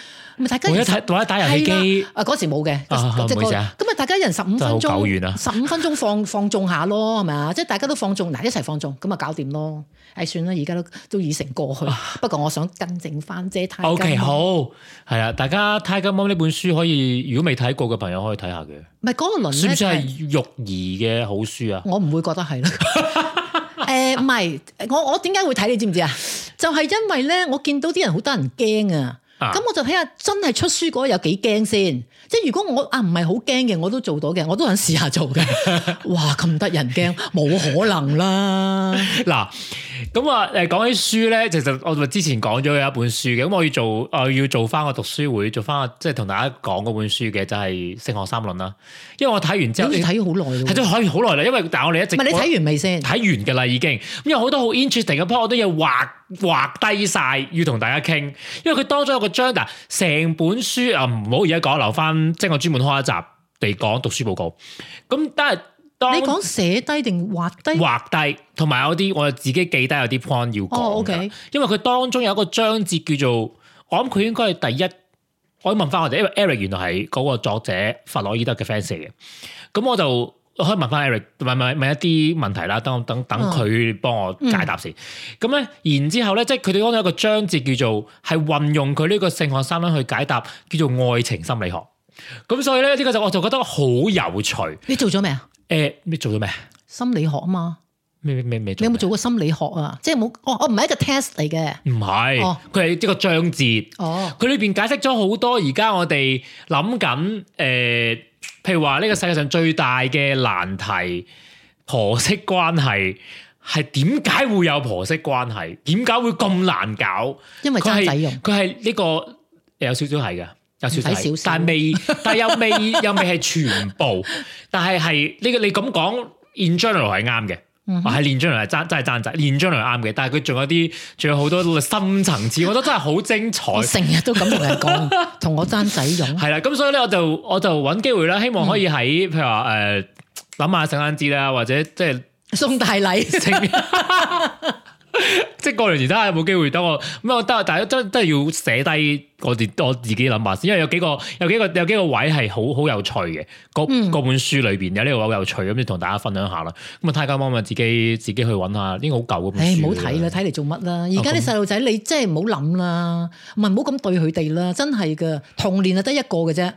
大家一睇打遊戲機，機，啊嗰時冇嘅，咁咪、啊啊啊、大家一人十五分鐘，搞啊、十五分鐘放 [LAUGHS] 放縱下咯，係咪啊？即係大家都放縱，嗱一齊放縱，咁咪搞掂咯。誒、哎、算啦，而家都都已成過去。 [LAUGHS] 不過我想更正翻啫，泰金。O、okay, K 好，係啊，大家《泰金》呢本書可以，如果未睇過嘅朋友可以睇下嘅。咪嗰個輪？算唔算係育兒嘅好書啊？我唔會覺得係啦。誒唔係，我我點解會睇你知唔知啊？就係、是、因為咧，我見到啲人好得人驚啊！咁、嗯、我就睇下真係出書嗰個有幾驚先，即係如果我啊唔係好驚嘅，我都做到嘅，我都想試下做嘅。哇，咁得人驚，冇 [LAUGHS] 可能啦！嗱，咁啊，誒，講起書咧，其實我之前講咗有一本書嘅，咁我要做，我、呃、要做翻個讀書會，做翻個即係同大家講嗰本書嘅，就係、是《性學三論》啦。因為我睇完之後，你睇咗好耐，係真係可以好耐啦。因為但係我哋一直唔係是我你睇完未先？睇完噶啦，已經咁有好多好 interesting 嘅 point，我都要畫畫低晒，要同大家傾。因為佢多咗一個。張成本書啊，唔好而家講，留翻即係我專門開一集嚟講讀書報告。咁但係當你講寫低定畫低？畫低，同埋有啲我自己記低，有啲 point 要講嘅。Okay. 因為佢當中有一個章節叫做，我諗佢應該係第一。我問翻我哋，因為 Eric 原來係嗰個作者弗洛伊德嘅 fans 嘅，咁我就。可以問翻 Eric，問問問一啲問題啦，等等等佢幫我解答先。咁咧、嗯，然之後咧，即係佢哋講到一個章節，叫做係運用佢呢個性學三論去解答，叫做愛情心理學。咁所以咧，呢、這個就我就覺得好有趣。你做咗咩啊？誒、呃，你做咗咩？心理學啊嘛？咩咩咩你有冇做過心理學啊？即係冇、哦，我我唔係一個 test 嚟嘅，唔係是，佢係、哦、一個章節。哦，佢裏邊解釋咗好多而家我哋諗緊誒。呃譬如話，呢個世界上最大嘅難題，婆媳關係係點解會有婆媳關係？點解會咁難搞？因為爭仔用。佢係呢個有少少係嘅，有少有少，少但係未但係又未又未係全部， [LAUGHS] 但係係呢個你咁講 in general 係啱嘅。我喺《連樽來》係爭真係爭仔，《連樽來》啱嘅，但係佢仲有啲，仲有好多深層次，我覺得真係好精彩。成日 [LAUGHS] 都咁同人講，同 [LAUGHS] 我爭仔用。係啦，咁所以咧，我就我就搵機會啦，希望可以喺、嗯、譬如話誒諗下聖誕節啦，或者即、就、係、是、送大禮成。星 [LAUGHS] [LAUGHS] [LAUGHS] 即係過段時間有冇機會等我咁我得，大家真真係要寫低我哋我自己諗下先，因為有幾個有幾個有幾個位係好好有趣嘅，嗰，嗯、本書裏邊有呢個好有趣咁，就同大家分享下啦。咁啊，太監媽咪自己自己去揾下，呢個好舊嘅書，唉、欸，唔好睇啦，睇嚟做乜啦？而家啲細路仔，你真係唔好諗啦，唔係唔好咁對佢哋啦，真係噶，童年啊得一個嘅啫。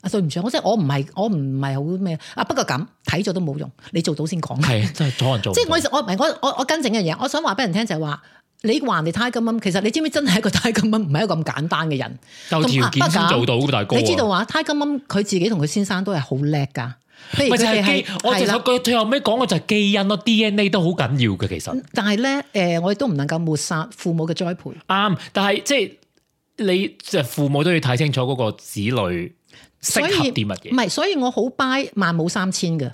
啊，對唔住，我即係我唔係，我唔係好咩啊。不過咁睇咗都冇用，你做到先講。係，真係阻人做，做。即係我我唔係我我我跟正嘅嘢，我想話俾人聽就係話，你話你泰金恩其實你知唔知真係一個泰金恩唔係一個咁簡單嘅人，有條件先做到大哥。啊啊、你知道話泰金恩佢自己同佢先生都係好叻噶。唔係我其實佢最後尾講嘅就係基因咯啦，DNA 都好緊要嘅其實。但係咧，誒、呃，我哋都唔能夠抹殺父母嘅栽培。啱，但係即係你就父母都要睇清楚嗰個子女。適合啲乜嘢？唔係，所以我好 buy 萬冇三千嘅。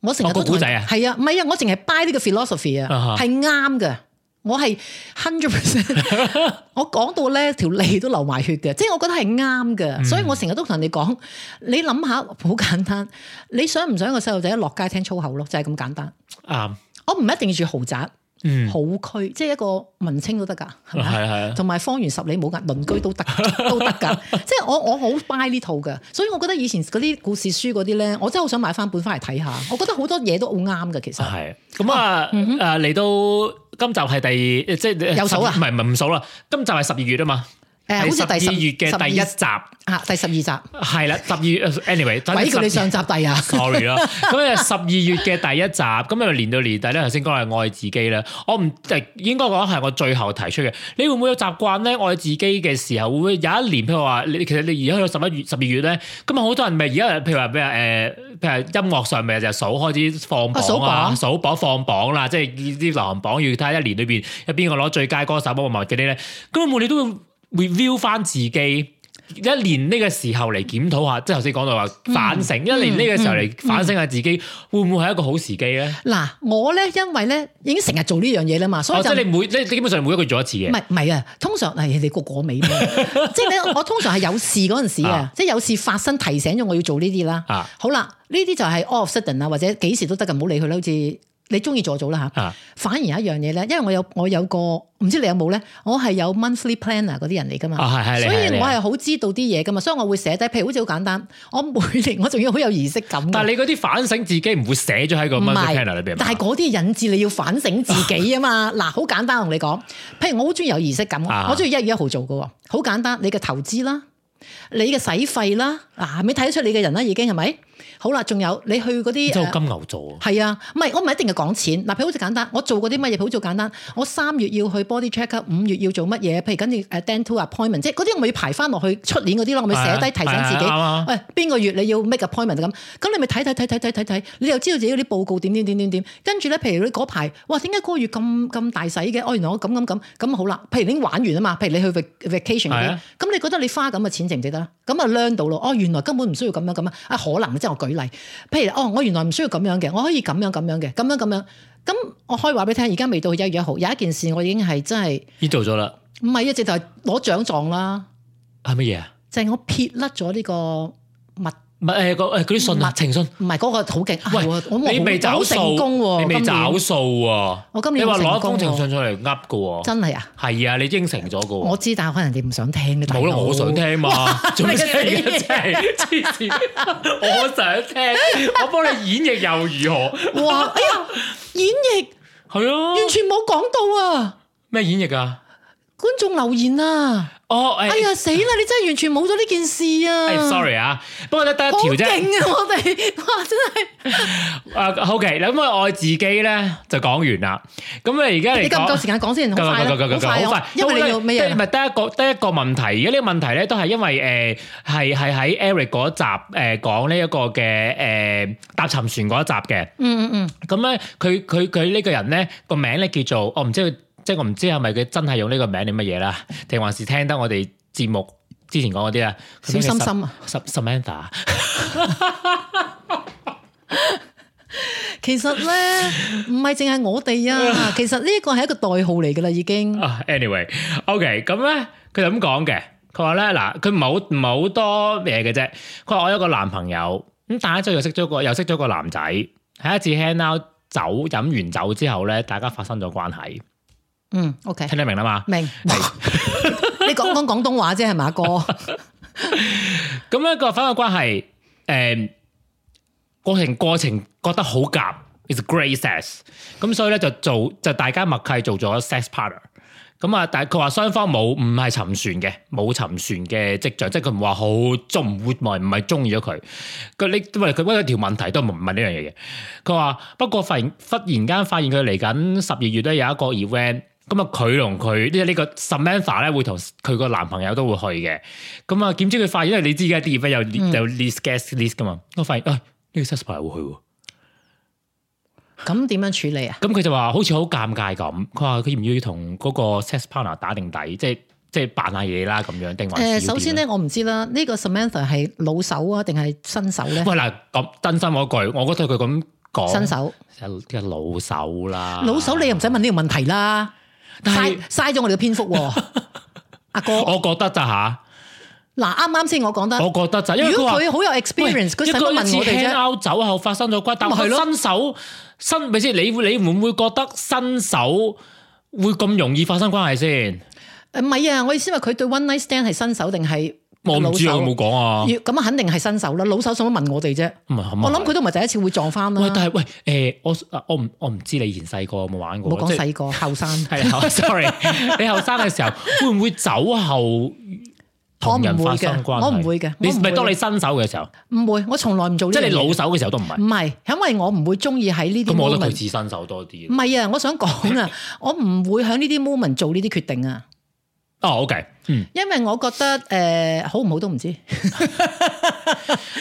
我成日都同人講、仔、哦嗰個、啊，係啊，唔係啊，我淨係 buy 呢個 philosophy 啊，係啱嘅。我係 hundred percent。 [LAUGHS] [LAUGHS] 我講到咧條脷都流埋血嘅，即、就、係、是、我覺得係啱嘅。所以我成日都同人哋講，嗯、你諗下好簡單，你想唔想個細路仔落街聽粗口咯？就係、是、咁簡單。啱。Um, 我唔一定要住豪宅。嗯、好區，即係一個文青都得噶，係咪？係係。同埋方圓十里冇隔，鄰居都得，都得噶。 [LAUGHS] 即係我我好 buy 呢套噶，所以我覺得以前嗰啲故事書嗰啲咧，我真係好想買翻本翻嚟睇下。我覺得好多嘢都好啱噶，其實。係。咁啊，誒嚟到今集係第 2, 即，即係有數啊？唔係唔唔數啦，今集係十二月啊嘛。誒，好似十二月嘅第一集啊，第十二集係啦，十二月 anyway 鬼叫你上集第啊，sorry 咯。咁啊，十二月嘅第一集，咁咪年到年底咧頭先講係愛自己咧。我唔提，應該講係我最後提出嘅。你會唔會有習慣咧？愛自己嘅時候，會唔會有一年譬如話，你其實你而家去到十一月、十二月咧，咁啊，好多人咪而家譬如話咩啊？譬如、呃、譬如音樂上面就數開始放榜啊，數榜、數榜放榜啦，即係啲流行榜要睇一年裏邊有邊個攞最佳歌手啊、乜乜嗰啲咧，咁我會會你都會。review 翻自己一年呢個時候嚟檢討下，即係頭先講到話、嗯、反省，一年呢個時候嚟反省下自己，嗯嗯、會唔會係一個好時機咧？嗱，我咧因為咧已經成日做呢樣嘢啦嘛，所以就、哦、即係你每呢，你基本上每一個月做一次嘅。唔係唔係啊，通常係 [LAUGHS] 你個果味，即係我通常係有事嗰陣時啊， [LAUGHS] 即係有事發生提醒咗我要做呢啲啦。啊、好啦，呢啲就係 all of sudden 啊，或者幾時都得噶，唔好理佢啦，好似。你中意做早啦吓，反而一樣嘢咧，因為我有我有個唔知你有冇咧，我係有 monthly planner 嗰啲人嚟噶嘛，哦、所以我係好知道啲嘢噶嘛，所以我會寫低，譬如好似好簡單，我每年我仲要好有儀式感。但係你嗰啲反省自己唔會寫咗喺個 monthly planner 裏邊，但係嗰啲引致你要反省自己啊嘛，嗱好 [LAUGHS] 簡單同你講，譬如我好中意有儀式感，啊、我中意一月一號做噶喎，好簡單，你嘅投資啦，你嘅使費啦，嗱後尾睇得出你嘅人啦，已經係咪？好啦，仲有你去嗰啲，即係金牛座啊。係啊，唔係、啊、我唔係一定係講錢。嗱，譬如好似簡單，我做嗰啲乜嘢，好似簡單，我三月要去 body check，五月要做乜嘢？譬如跟住誒 dental appointment 即係嗰啲，我咪要排翻落去出年嗰啲咯，我咪寫低提醒自己。喂，邊、哎、個月你要 make appointment 就咁，咁你咪睇睇睇睇睇睇睇，你又知道自己嗰啲報告點點點點點。跟住咧，譬如你嗰排，哇，點解嗰個月咁咁大洗嘅？哦，原來我咁咁咁，咁好啦。譬如你玩完啊嘛，譬如你去 vacation 嗰啲，咁對你覺得你花咁嘅錢值唔值得咧？咁啊 learn 到咯。哦，原來根本唔需要咁樣咁啊。可能即舉例，譬如哦，我原來唔需要咁樣嘅，我可以咁樣咁樣嘅，咁樣咁樣，咁我可以話俾你聽，而家未到一月一號，有一件事我已經係真係，已經做咗啦，唔係，一直就係攞獎狀啦，係乜嘢啊？就係我撇甩咗呢個。唔係誒個誒嗰啲信情信，唔係嗰個好勁。喂，你未找數？你未找數啊！我今年你話攞一封情信出嚟噏嘅喎，真係啊！係啊，你應承咗嘅。我知，但可能你唔想聽嘅。冇啦，我想聽嘛，真係黐線！我想聽，我幫你演繹又如何？哇！哎呀，演繹係啊，完全冇講到啊！咩演繹啊？觀眾留言啊！哦，哎呀，死啦！你真係完全冇咗呢件事啊！sorry 啊，不過咧得一條啫。好勁啊！我哋哇，真係。誒，好嘅，嗱咁啊，愛自己咧就講完啦。咁啊，而家嚟，你咁多時間講先，好快，好快，好快，因為你要咩嘢？唔係得一個，得一個問題。而家呢個問題咧，都係因為誒，係係喺 Eric 嗰集誒講呢一個嘅誒搭沉船嗰一集嘅。嗯嗯嗯。咁咧，佢佢佢呢個人咧個名咧叫做，我唔知佢。即係我唔知係咪佢真係用呢個名定乜嘢啦？定還,還是聽得我哋節目之前講嗰啲啦。小心心啊，Samantha，其實咧唔係淨係我哋啊，其實呢一個係一個代號嚟噶啦，已經。Uh, Anyway，OK，、okay, 咁、嗯、咧佢就咁講嘅。佢話咧嗱，佢唔係好唔係好多咩嘅啫。佢話我有一個男朋友，咁大家之後又識咗個又識咗個男仔，喺一次 hand out 酒飲完酒之後咧，大家發生咗關係。嗯，OK，聽得明啦嘛？明， [LAUGHS] 你講講廣東話啫，係嘛哥？咁樣個反向關係，誒，過程過程覺得好夾，it's great sex，咁所以咧就做就大家默契做咗 sex partner。咁啊，但係佢話雙方冇唔係沉船嘅，冇沉船嘅跡象，即係佢唔話好中唔活埋，唔係中意咗佢。佢你喂佢問咗條問題都唔問呢樣嘢嘢。佢話不過忽然間發現忽然間發現佢嚟緊十二月都有一個 event。咁啊，佢同佢呢呢個 Samantha 咧會同佢個男朋友都會去嘅。咁啊，點知佢發現，因為你知嘅啲嘢有、嗯、有 list guest list 噶嘛，我發現啊呢、哎這個 sex partner 會去。咁點樣，樣處理啊？咁佢就話好似好尷尬咁，佢話佢要唔要同嗰個 sex partner 打定底，即係即係扮下嘢啦咁樣，定還是誒、呃，首先咧，我唔知啦。呢、這個 Samantha 係老手啊，定係新手咧？喂、哎，嗱，咁真心嗰句，我覺得佢咁講，新手一係老手啦。老手你又唔使問呢個問題啦。但係嘥咗我哋嘅篇幅，阿、 [LAUGHS] 啊、哥，我覺得咋吓。嗱， [LAUGHS] 啱啱先我講得，我覺得咋。因為如果佢好有 experience，佢第一次 hang out 走後發生咗關係，但係新手，嗯、新咪先，你你，你會唔會覺得新手會咁容易發生關係先？誒、呃，唔係啊，我意思話佢對 one night stand 係新手定係？.我唔知有冇講啊？咁啊，肯定係新手啦。老手想問我哋啫。唔係，我諗佢都唔係第一次會撞翻啦。喂，但係喂，誒，我我唔我唔知你以前細個有冇玩過。冇講細個，後生。係啊，sorry，你後生嘅時候會唔會走後？我唔會嘅，我唔會嘅。你咪當你新手嘅時候，唔會。我從來唔做呢啲。即係你老手嘅時候都唔係。唔係，因為我唔會中意喺呢啲 moment。我覺得佢係新手多啲。唔係啊，我想講啊，我唔會喺呢啲 moment 做呢啲決定啊。好嘅，嗯，因為我覺得誒、呃，好唔好都唔知，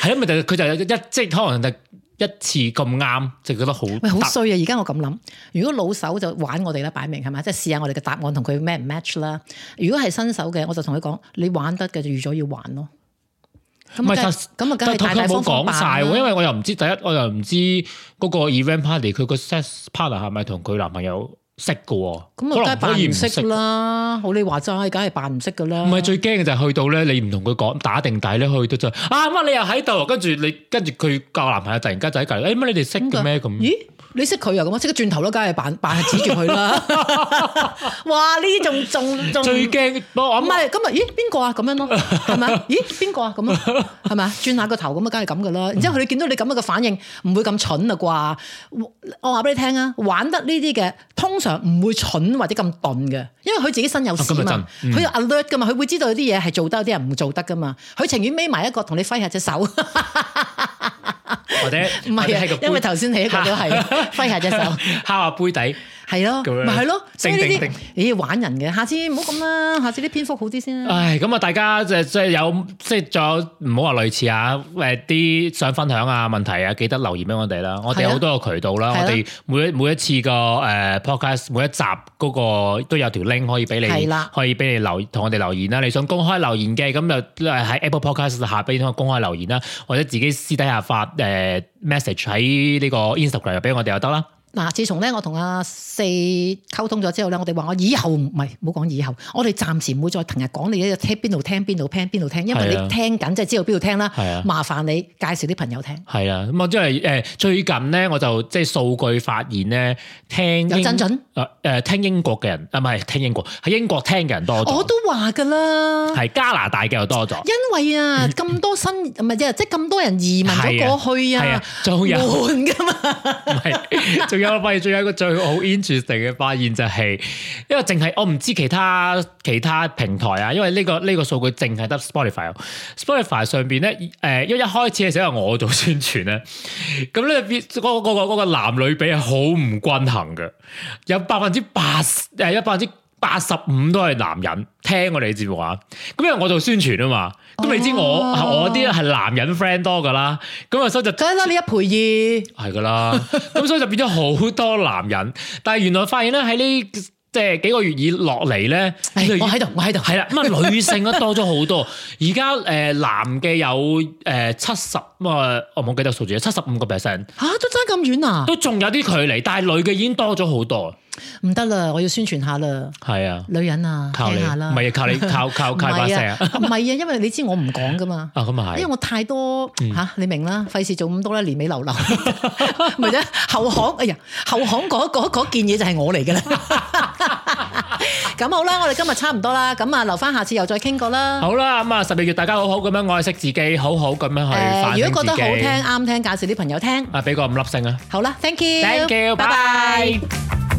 係 [LAUGHS] 因為就佢就一即可能就一次咁啱，就覺得好好衰啊！而家我咁諗，如果老手就玩我哋啦，擺明係嘛，即係試下我哋嘅答案同佢 match 唔 match 啦。如果係新手嘅，我就同佢講，你玩得嘅就預咗要玩咯。咁咪咁咪，但係太太冇講晒，因為我又唔知第一，我又唔知嗰個 event party 佢個 sex partner 係咪同佢男朋友。識噶喎，咁啊，梗係扮唔識啦，好你話齋，梗係扮唔識噶啦。唔係，最驚嘅就係去到咧，你唔同佢講打定底咧，去到就啊，乜你又喺度？跟住你跟住佢舊男朋友突然間就喺隔籬，誒乜你哋識嘅咩？咁咦，你識佢又咁啊？識得轉頭咯，梗係扮扮下指住佢啦。哇，你仲仲仲最驚唔係咁啊？咦，邊個啊？咁樣咯，係咪？咦，邊個啊？咁咯，係咪？轉下個頭咁啊，梗係咁噶啦。然之後佢見到你咁樣嘅反應，唔會咁蠢啦啩？我我話俾你聽啊，玩得呢啲嘅通。唔會蠢或者咁鈍嘅，因為佢自己身有事啊嘛，佢、嗯、有 alert 噶嘛，佢會知道有啲嘢係做得，有啲人唔做得噶嘛，佢情願孭埋一個同你揮下隻手，或 [LAUGHS] 者的，唔係啊，因為頭先你一個都係揮下隻手，敲下杯底。係咯，咪係咯，即係呢啲，咦玩人嘅，下次唔好咁啦，下次啲篇幅好啲先啦。唉，咁啊，大家即係即係有，即係仲有，唔好話類似啊。誒，啲想分享啊問題啊，記得留言俾我哋啦。的我哋有好多個渠道啦，的我哋每一每一次個誒 podcast 每一集嗰個都有條 link 可以俾你，的可以俾你留同我哋留言啦。的你想公開留言嘅咁就誒喺 Apple Podcast 下邊可以公開留言啦，或者自己私底下發誒 message 喺呢個 Instagram 俾我哋又得啦。嗱，自從咧我同阿四溝通咗之後咧，我哋話我以後，唔係唔好講以後，我哋暫時唔會再騰日講你喺度聽邊度聽邊度聽邊度聽，因為你聽緊即係知道邊度聽啦。係啊，麻煩你介紹啲朋友聽。係啊，咁啊即係誒最近咧，我就即係數據發現咧，聽有準準誒誒聽英國嘅人啊，唔係聽英國喺英國聽嘅人多咗。我都話㗎啦，係加拿大嘅又多咗，因為啊咁多新唔係即係咁多人移民咗過去啊，啊，有換㗎嘛，係 [LAUGHS] [LAUGHS] 我發現仲有一個最好 interesting 嘅發現就係，因為淨係我唔知其他其他平台啊，因為呢、呢個呢、呢個數據淨係得 Spotify，Spotify、啊、Spotify 上邊咧，誒、呃，因為一開始嘅時候我做宣傳咧，咁咧、個、個、個男女比係好唔均衡嘅，有百分之八十，係百分之八十五都係男人聽我哋節目啊，咁因為我做宣傳啊嘛，咁你知我、哦、我啲係男人 friend 多噶啦，咁、哦、所以就梗啦，呢一賠二係噶啦，咁所以就變咗好多男人，但係原來發現咧喺呢即係幾個月以落嚟，咧，我喺度我喺度係啦，咁啊女性咧多咗好多，而家誒男嘅有誒七十咁啊，我冇記得數字，七十五個 percent，吓都爭咁遠啊，都仲、啊、有啲距離，但係女嘅已經多咗好多。唔得啦，我要宣傳下啦。係啊，女人啊，靠你啦。唔係啊，靠你靠靠靠把聲。唔係啊，因為你知我唔講噶嘛。啊，咁啊係。因為我太多吓，你明啦，費事做咁多啦，年尾流流，咪啫。後巷哎呀，後巷嗰嗰嗰件嘢就係我嚟噶啦。咁好啦，我哋今日差唔多啦，咁啊留翻下次又再傾過啦。好啦，咁啊十二月大家好好咁樣愛惜自己，好好咁樣去反省自己。誒，如果覺得好聽啱聽，介紹啲朋友聽。啊，俾個五粒星啊。好啦，thank you，thank you，拜拜。